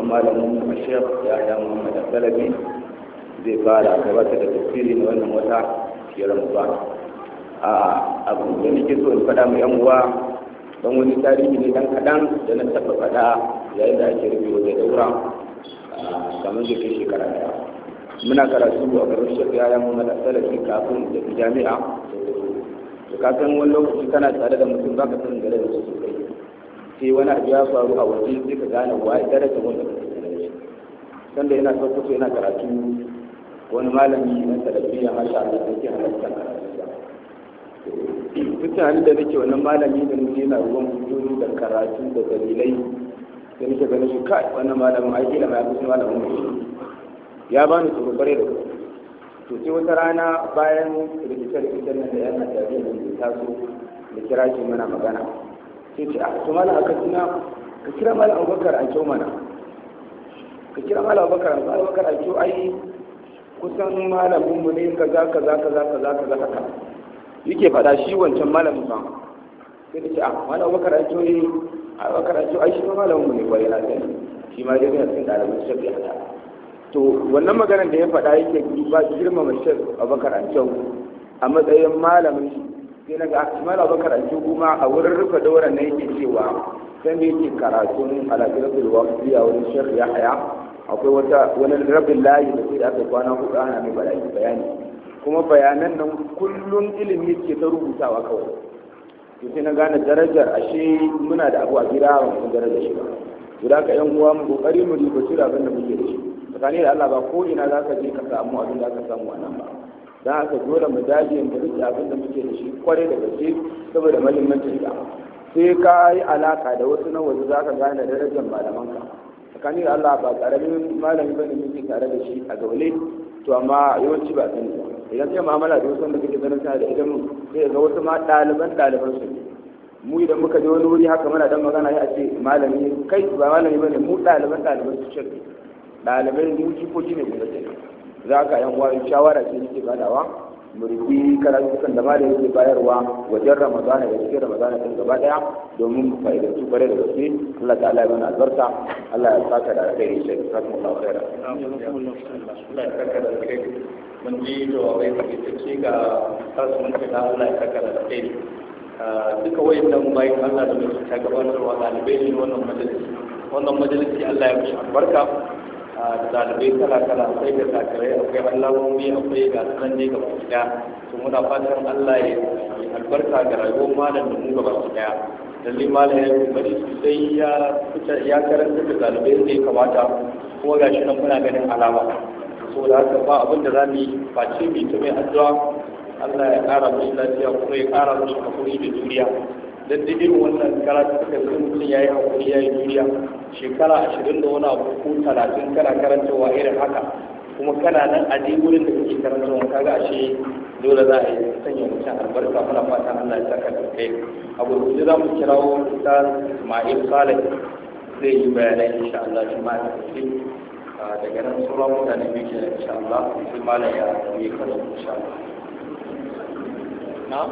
malamin mashef ya ya muhammad galabi zai fara gabata da tafsiri na wannan wata ke ramadan a abu da nake so in faɗa mu yamuwa don wani tarihi ne dan kaɗan da na taɓa faɗa yayin da ake rufe wajen daura kamar da kai shekara ɗaya muna karatu a garin shafiya ya muhammad galabi kafin da jami'a da kasan wani lokaci kana tare da mutum baka san gare da su kai sai wani abu ya faru a waje sai ka gane wa ya daraja wanda ka tattare shi sanda yana tabbato yana karatu wani malami na ya masha Allah sai ke halarta karatunsa duk da halin da nake wannan malami da nake yana ruwan fitoni da karatu da dalilai da nake ganin shi kai wannan malamin ai kila mai ya malamin mu ya bani tsoro bare da to sai wata rana bayan rikice-rikicen nan da yana tafiya da ta so da kira shi mana magana sai ce a ah, to malam aka suna ka kira malam abubakar a kyau mana ka kira malam abubakar a abubakar a kyau ai kusan malamin mu ne za ka, za ka, kaza haka yake faɗa shi wancan malamin ba sai da ce a ah, malam abubakar a kyau ne eh, abubakar a kyau ai shi ma malamin mu ne kwarai na sani shi ma dai yana cikin ɗalibin shafi hada to wannan maganar da ya faɗa yake ba girmama shek abubakar a kyau a matsayin malamin shi sai daga asmal abubakar a kuma a wurin rufe dauran na yake cewa sai ne yake karatun alaƙiratul wafi a wurin shirya haya akwai wata wani rabin layi da sai da aka kwana hudu ana mai bayani bayani kuma bayanan nan kullum ilimi ke ta rubutawa kawai to sai na gane darajar ashe muna da abu a gida ba mu darajar shi ba to da ka yan uwa mu kokari mu riba shi abin da muke da shi tsakani da Allah ba ko ina za ka je ka samu abin da ka samu a nan ba da haka dole mu dage mu rike abin da muke da shi kwarai da gaske saboda mahimmancin da sai ka yi alaka da wasu na wasu za ka gane darajar malamanka tsakanin da Allah ba karamin malami bane muke tare da shi a gaule to amma yawanci ba sani ba idan sai mu'amala da wasu da kake ganin da idan sai ga wasu ma ɗaliban ɗaliban su mu idan muka je wani wuri haka muna dan magana sai a ce malami kai ba malami bane mu ɗaliban ɗaliban su ce ɗalibai mu jikoki ne guda kenan za ka yan uwa shawara ce nake badawa mu rufi karatukan da malam yake bayarwa wajen ramadana da cikin ramadana din gaba daya domin su bare da gaske Allah ta'ala ya mana albarka Allah ya saka da alkhairi shi ya saka Allah ya saka da alkhairi mun ji jawabai fahimtacce ga kasuwanci na Allah ya saka da alkhairi ah, duka wayannan bayan Allah da mutum gabatarwa ɗalibai ne wannan majalisi wannan majalisi Allah ya mishi albarka zalibai dalibai kala-kala akwai da kakarai akwai alamomi akwai ga sanan ne gaba gida to muna fatan allah ya albarka ga rayuwar malam da mu gaba daya dalli malam ya bari sosai ya ya karanta da dalibai da ya kamata kuma ga shi nan muna ganin alama da haka ba abin da za yi face mai ta mai addu'a allah ya kara musu lafiya kuma ya kara musu hakuri da juriya don duk irin wannan karatun suka sun mutum ya yi hakuri ya yi duniya shekara ashirin da wani abu ko talatin kana karantawa irin haka kuma kana nan a dai wurin da kake karantawa kaga ashe dole za a yi sanya mutum albarka muna fata Allah ya saka da kai a gurguje za mu kirawo ta Ismail Saleh zai yi bayanai insha Allah shi ma da shi daga nan sauran mutane biyu ke insha Allah sai da ya yi kaza insha Allah na'am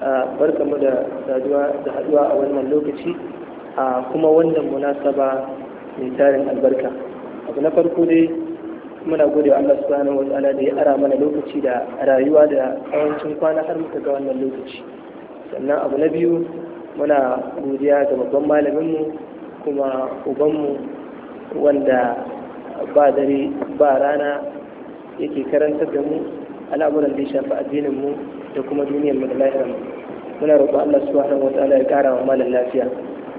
barkamu da da haduwa a wannan lokaci a kuma wannan munasaba mai tarin albarka abu na farko dai muna gode Allah subhanahu wa ta'ala da ya ara mana lokaci da rayuwa da kawancin kwana har muka ga wannan lokaci sannan abu na biyu muna godiya ga babban malaminmu kuma ubanmu wanda ba dare ba rana yake karantar da mu al'amuran da ya shafi addininmu da kuma duniyar mu da muna roƙo Allah subhanahu wataala ya ƙara wa malam lafiya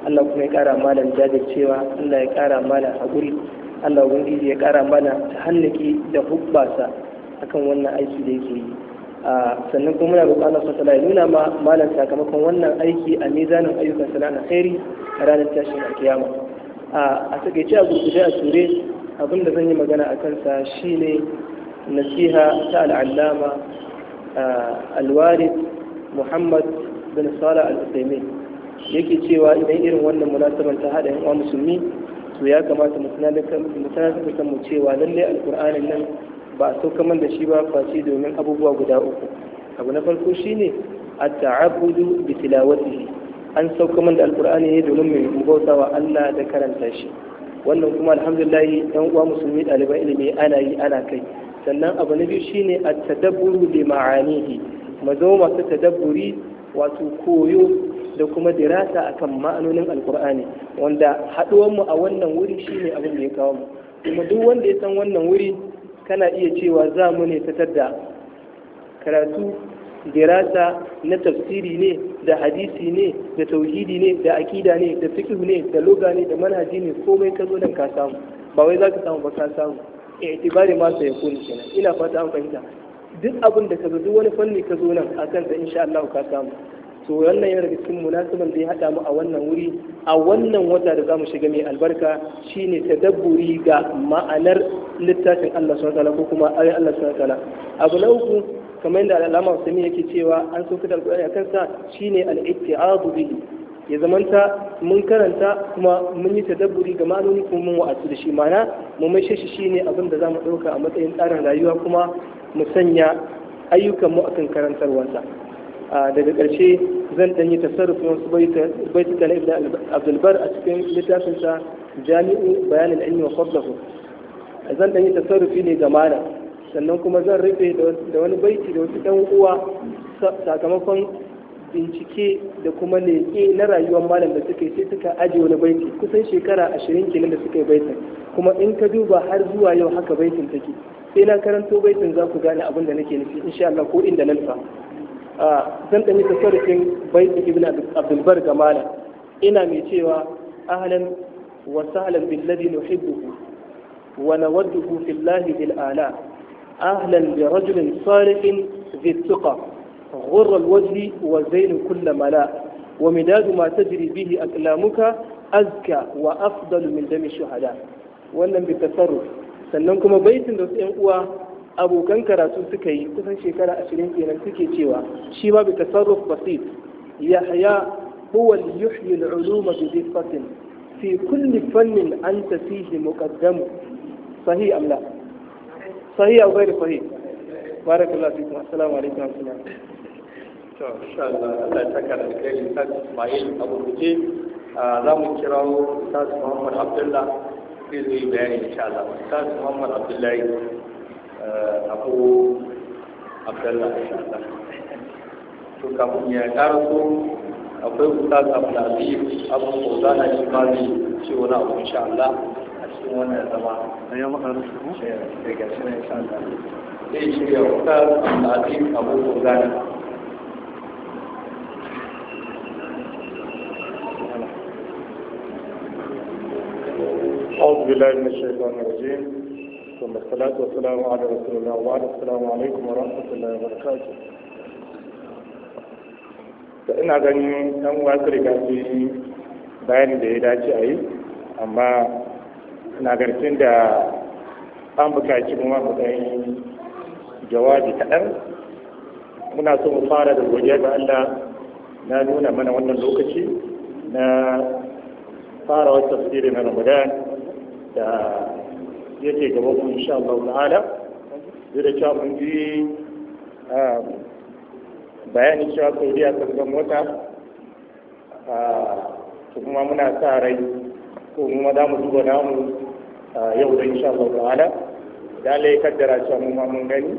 Allah kuma ya ƙara malam jajircewa Allah ya ƙara malam haƙuri Allah ubangiji ya ƙara mana tahallaki da hubbasa akan wannan aiki da yake yi sannan kuma muna roƙo Allah subhanahu ya nuna ma malam sakamakon wannan aiki a mizanin ayyukan sana na khairi a ranar tashin alkiyama a takaice a gurguje a ture abinda zan yi magana a kansa shine nasiha ta al'allama alwaris muhammad bin salah al-usaimi yake cewa idan irin wannan munasabar ta hada yan musulmi to ya kamata mu sanar mu cewa lallai alkur'anin nan ba a sauka man da shi ba face domin abubuwa guda uku abu na farko shine at-ta'abbudu bi tilawatihi an sauka man da alkur'ani ne domin mu bauta wa Allah da karanta shi wannan kuma alhamdulillah yan uwa musulmi ɗaliban ilimi ana yi ana kai sannan abu na biyu shine a tadabburu da ma'anihi mazo masu tadabburi wato koyo da kuma dirasa akan ma'anonin alkur'ani wanda haɗuwar mu a wannan wuri shine abin da ya kawo mu kuma duk wanda ya san wannan wuri kana iya cewa za mu ne fitar da karatu dirasa na tafsiri ne da hadisi ne da tauhidi ne da akida ne da fikihu ne da loga ne da manhaji ne komai ka zo nan ka samu ba wai za ka samu ba ka samu itibari ma sai yakun kenan ina fata an fahimta duk abin da ka zo duk wani fanni ka zo nan a kansa insha Allah ka samu to wannan yana daga cikin munasaban da ya hada mu a wannan wuri a wannan wata da zamu shiga mai albarka shine tadabburi ga ma'anar littafin Allah subhanahu ta'ala ko kuma ayoyin Allah subhanahu ta'ala abu na uku kamar yadda al'alama Usaimin yake cewa an so da alƙur'ani a sa shine al-itti'adu bihi ya zamanta mun karanta kuma mun yi tadabburi ga ma'anoni kuma mun wa'azi da shi mana mu mai shi shine abin da zamu dauka a matsayin tsarin rayuwa kuma mu sanya ayyukan mu akan karantarwarsa daga ƙarshe zan yi tasarrufin wasu baituka na ibn abdulbar a cikin littafinsa jami'u bayanin ilmi wa fadlahu zan yi tasarrufi ne ga malam sannan kuma zan rufe da wani baiti da wasu ɗan uwa sakamakon bincike da kuma leƙe na rayuwar malam da suka yi sai suka aje wani baiti kusan shekara ashirin kenan da suka yi baitin kuma in ka duba har zuwa yau haka baitin take sai na karanto baitin za ku gane abin da nake nufi insha Allah ko inda nan fa zan ɗanyi tasarrufin baitin ibn abdulbar ga malam ina mai cewa ahlan wa sahlan billadhi nuhibbuhu wa nawadduhu fillahi bil ala ahlan bi rajulin salihin ذي غر الوجه وزين كل ملاء ومداد ما تجري به أكلامك أزكى وأفضل من دم الشهداء ولم بالتصرف سنكم بيت هو أبو كنكرة سكي تفن شكرا أشرين في نسكي تيوا شيما بتصرف بسيط يحيى هو يحيي العلوم بدقة في كل فن أنت فيه مقدم صحيح أم لا صحيح أو غير صحيح بارك الله فيكم السلام عليكم ورحمة الله to insha Allah ta kai Ustaz Ismail Abu Ruce za mu kira Muhammad Abdullah zai zai bayani insha Allah Muhammad Abdullah Abu Abdullah insha Allah to kafin ya karaso akwai Ustaz Abdulaziz Abu Kozana shi ma zai ce wani abu insha Allah a cikin wannan zama. mu? Ya insha Allah. Zai shirya Abu أعوذ بالله a الشيطان الرجيم ثم الصلاة والسلام على رسول da ina ganin ɗan wasu riga su yi da ya dace a yi amma na garkin da an bukaci kuma mu ɗan jawabi kaɗan muna so mu fara da godiya ga Allah na nuna mana wannan lokaci na fara wasu tafsiri na Ramadan da ya ce gaba kuma insha Allah ta'ala zai da cewa mun ji bayanin cewa saudiya ta mota, wata kuma muna sa rai ko kuma za mu duba namu yau da insha Allah ta'ala da Allah ya kaddara cewa mun ma mun gani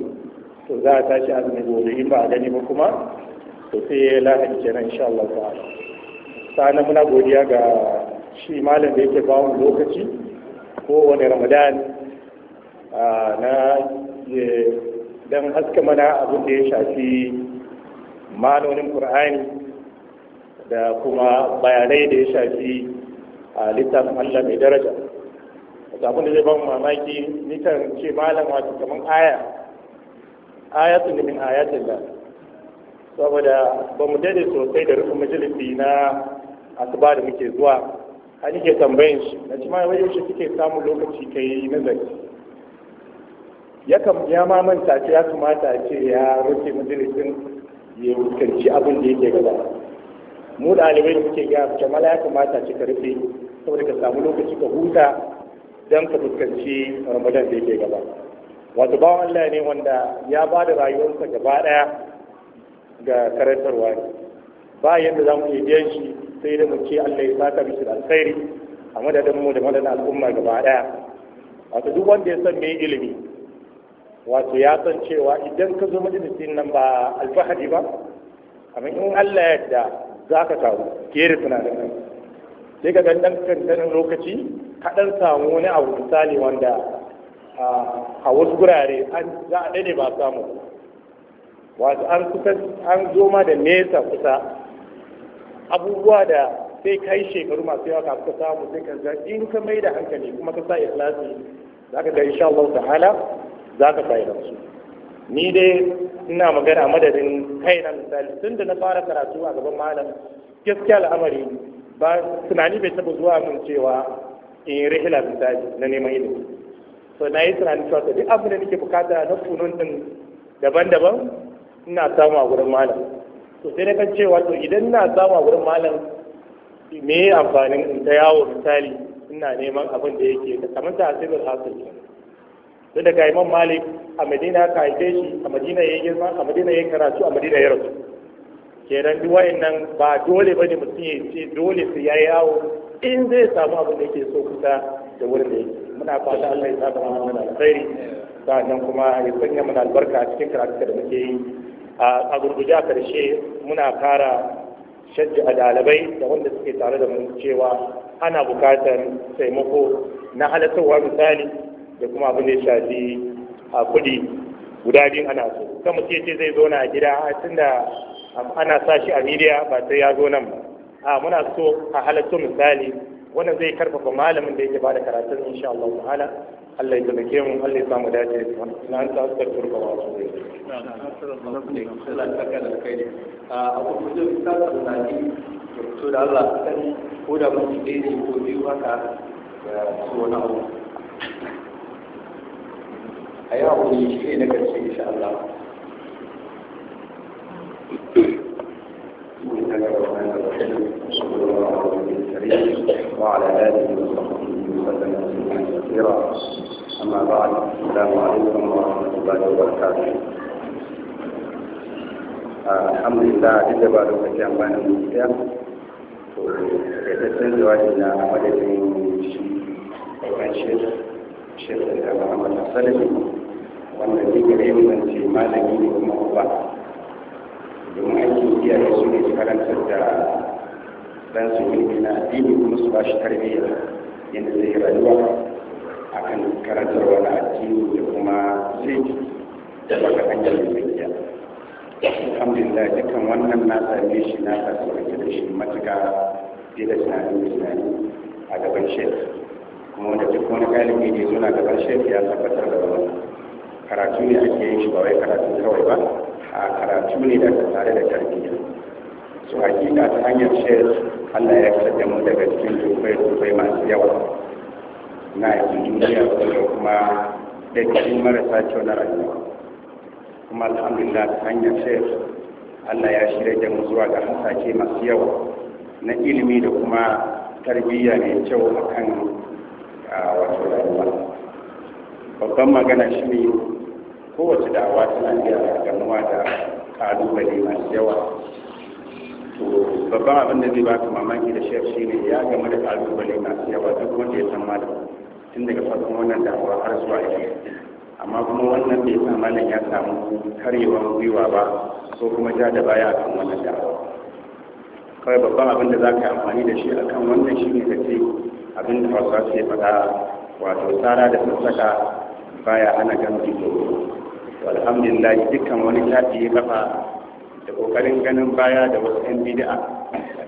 to za a tashi azumi gobe in ba a gani ba kuma to sai ya lahadi kenan insha Allah ta'ala sa'an muna godiya ga shi malam da yake bawo lokaci kowane ramadan na don haska mana abin da ya shafi manonin ƙur'ani da kuma bayanai da ya shafi a littafin allah mai daraja wata abin da zai ban mamaki nikan ce malam wato kamar aya ayatun da min ayatun da saboda ba mu daidai sosai da rufin majalisi na asuba da muke zuwa har ke tambayin shi na ci mai wajen shi suke samun lokaci ka yi nazari yakan ya ma manta ce ya kamata a ce ya rufe majalisin ya fuskanci abin da yake gaba mu ɗalibai da suke gaya jamala ya kamata ce ka rufe saboda ka samu lokaci ka huta don ka fuskanci ramadan da yake gaba wato bawan Allah ne wanda ya ba da rayuwarsa gaba daya ga karantarwa ne ba yadda za mu iya biyan shi sai da mu ce Allah ya saka miki da alkhairi a madadin mu da madadin al'umma gaba daya wato duk wanda ya san me ilimi wato ya san cewa idan ka zo majalisin nan ba alfahari ba amma in Allah ya yarda za ka taru kere tunanin nan sai ka ga dan kankanin lokaci ka dan samu wani abu misali wanda a wasu gurare za a daɗe ba samu wato an kusa an zo ma da nesa kusa abubuwa da sai ka yi shekaru masu yawa kafin ka samu sai ka zai in ka mai da hankali kuma ka sa ikhlasi za ka ga insha Allah ta'ala za ka sa su ni dai ina magana madadin kaina misali tun da na fara karatu a gaban malam gaskiya al'amari ba tunani bai taba zuwa min cewa in rihila misali na neman ilimi so na yi tunanin cewa duk abin da nake bukata na tunun din daban-daban ina samu a gurin malam to sai na kan cewa to idan na zama wurin malam me yi amfanin in ta yawo misali ina neman abin da yake da kamar ta asirin hasil to daga imam malik a madina ka haife shi a madina ya girma a madina ya karatu a madina ya rasu kenan duk nan ba dole bane mutum ya ce dole su ya yawo in zai samu abin da yake so kusa da wurin da yake muna fata Allah ya saba mana alkhairi sannan kuma ya sanya mana albarka a cikin karatu da muke yi a gurguje a karshe muna kara shajji a dalibai da wanda suke tare da mu cewa ana bukatar taimako na halittarwa misali da kuma abin da ya shafi a kudi guda biyun ana so kan mutum ce zai zo na gida da ana sa shi a miliya ba sai ya zo nan ba a muna so a halatto misali wannan zai karfafa malamin da yake da karatun insha Allah ta'ala Allah ya tabbake mu Allah ya samu dace ina an ta askar turba ba su ne ta kai ne a abu da ta to da Allah kan ko da mun dai ne ko biyu haka su wani abu a ne shi ne na karshe insha Allah بعد السلام عليكم ورحمة الله وبركاته الحمد لله duk da ba lokacin amfanin mutiya to taitattun jawabi na madadin shi ɗaukan shirin shirin da muhammad salisu wanda ne gare mu zan ce malami ne kuma uba domin aikin iyaye su ne karantar da ɗansu ilimi na addini kuma su ba shi tarbiyya yadda zai rayuwa akan karantar wani addini da kuma zai da baka hanyar lafiya alhamdulillah dukkan wannan na same shi na kasuwanci da shi matuka fiye da tunani da a gaban shek kuma wanda duk wani galibi ne suna gaban shek ya tabbatar da wani karatu ne ake yin shi ba wai karatu kawai ba a karatu ne da tare da tarbiyya su hakika ta hanyar shek allah ya fitar da mu daga cikin dubbai dubbai masu yawa na yakin duniya da kuma da dakkacin marasa kyau na rayuwa kuma alhamdulillah ta hanyar shef allah ya shirya da mu zuwa ga hasashe masu yawa na ilimi da kuma tarbiyya mai kyau a kan wato rayuwa babban magana shi ne kowace da'awa tana iya ganuwa da kalubale masu yawa babban abin da zai ba baka mamaki da shef shine ya gama da kalubale masu yawa duk wanda ya san malam tun daga farkon wannan damuwa har zuwa yau amma kuma wannan bai sa malam ya samu karyewar gwiwa ba ko kuma ja da baya akan wannan damuwa kawai babban abin da za ka yi amfani da shi a kan wannan shi ne kake abin da hausa sai faɗa wato tsara da sassaka baya ana gan to alhamdulillah dukkan wani kafi ya kafa da kokarin ganin baya da wasu 'yan bid'a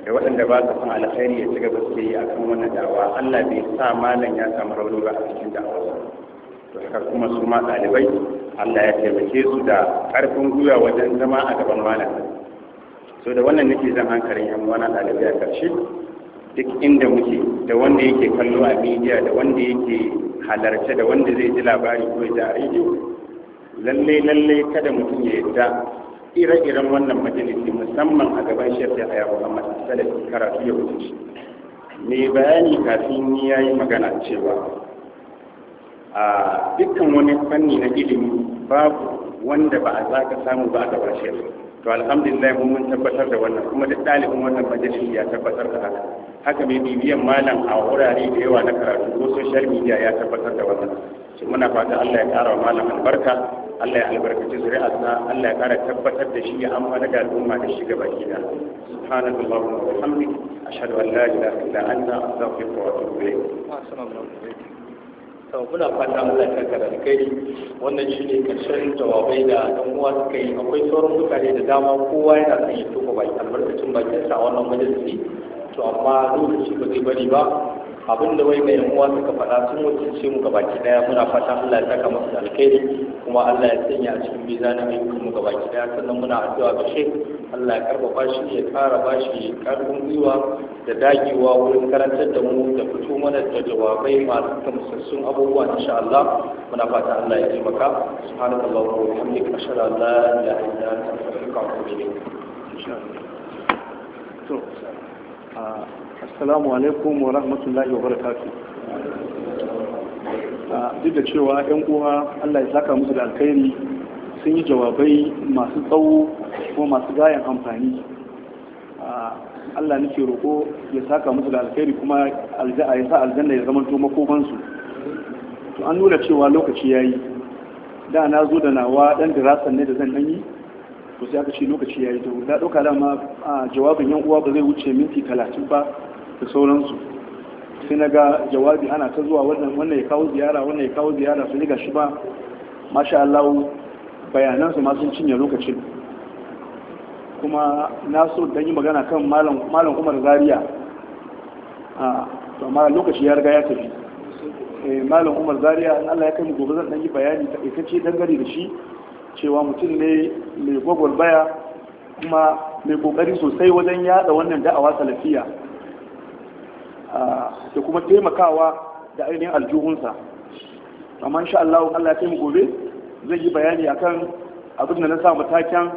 da waɗanda ba su san alkhairi ya ci gaba suke yi akan wannan da'awa Allah bai sa malam ya samu rauni ba a cikin da'awa to haka kuma su ma ɗalibai Allah ya taimake su da ƙarfin gwiwa wajen zama a gaban malam so da wannan nake zan hankalin yan wani ɗalibai a ƙarshe duk inda muke da wanda yake kallo a media da wanda yake halarce da wanda zai ji labari ko ya ji a rediyo lallai lallai kada mutum ya yarda ire-iren wannan majalisi musamman a gaban shirya a yawon Muhammad Salafi karatu ya wuce Me bayani kafin ya yi magana cewa a dukkan wani fanni na ilimi babu wanda ba a za ka samu ba a gaban shirya To alhamdulillah mun tabbatar da wannan kuma duk ɗalibin wannan majalisi ya tabbatar da haka. Haka mai bibiyan malam a wurare da yawa na karatu ko social media ya tabbatar da wannan. shi muna fata Allah ya ƙara wa malam albarka Allah ya albarkaci zuri'arsa Allah ya ƙara tabbatar da shi ya amfana da al'umma da shi gaba gida subhanallahu wa bihamdi ashhadu an la ilaha illa anta astaghfiruka wa atubu ilayk to muna fata Allah ya karkara da kai wannan shine karshen jawabai da dan uwa suka yi akwai sauran mutane da dama kowa yana son ya tuka baki albarkacin bakin sa wannan majalisi to amma lokaci ba zai bari ba abin da wai mai uwa suka faɗa sun wakilce mu gabaki daya muna fatan Allah ya saka masu alkhairi kuma Allah ya sanya a cikin mizanin kuma mu gabaki daya sannan muna addu'a ga shi Allah ya karfafa shi ya kara bashi karfin gwiwa da dagewa wurin karantar da mu da fito mana da jawabai masu gamsassun abubuwa insha Allah muna fatan Allah ya taimaka subhanallahi wa bihamdihi ashhadu an la ilaha illa anta astaghfiruka wa atubu ilayk insha Allah to Uh, assalamu alaikum wa rahmatullahi wa barakatu uh, duk da cewa yan uwa Allah ya saka musu da alkhairi sun yi jawabai masu tsawo kuma masu gayan amfani uh, Allah nake roƙo ya saka musu da alkhairi kuma ya sa aljanna ya zama to makomansu to an nuna cewa lokaci yayi da na zo da nawa dan dirasan ne da zan dan yi ko sai aka ce lokaci ya yi to da ɗauka dama a jawabin yan uwa ba zai wuce minti talatin ba da sauransu sai na ga jawabi ana ta zuwa wannan ya kawo ziyara wannan ya kawo ziyara su riga shi ba masha Allah bayanansu su masu cinye lokacin kuma na so dan yi magana kan malam Umar Zaria a to amma lokaci ya riga ya tafi eh, malam Umar Zaria in Allah ya kai mu gobe zan dan yi bayani ta ce dangare da shi cewa mutum ne mai baya, kuma mai kokari sosai wajen yada wannan da'awa salafiya da kuma taimakawa da ainihin aljuhunsa amma insha Allah Allah ya taimu gobe zai yi bayani akan abin da na sa matakin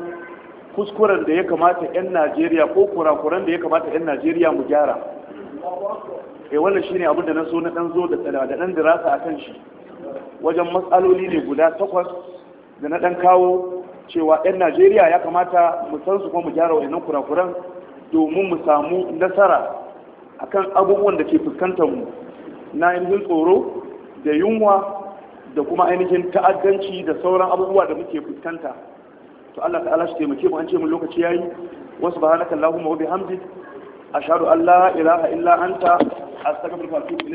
kuskuren da ya kamata 'yan Najeriya ko kurakuran da ya kamata 'yan Najeriya mu gyara E, wannan shine abin da na so na dan zo da da dan dirasa akan shi wajen matsaloli ne guda takwas da na ɗan kawo cewa 'yan najeriya ya kamata mu san su kuma mu gyara kura kurakuran domin mu samu nasara akan abubuwan da ke fuskantar mu na ainihin tsoro da yunwa da kuma ainihin ta'addanci da sauran abubuwa da muke fuskanta to Allah ta'ala shi taimake mu an ce mu lokaci yayi wasu subhanaka allahumma wa bihamdik a an Allah ilaha illa anta astaghfiruka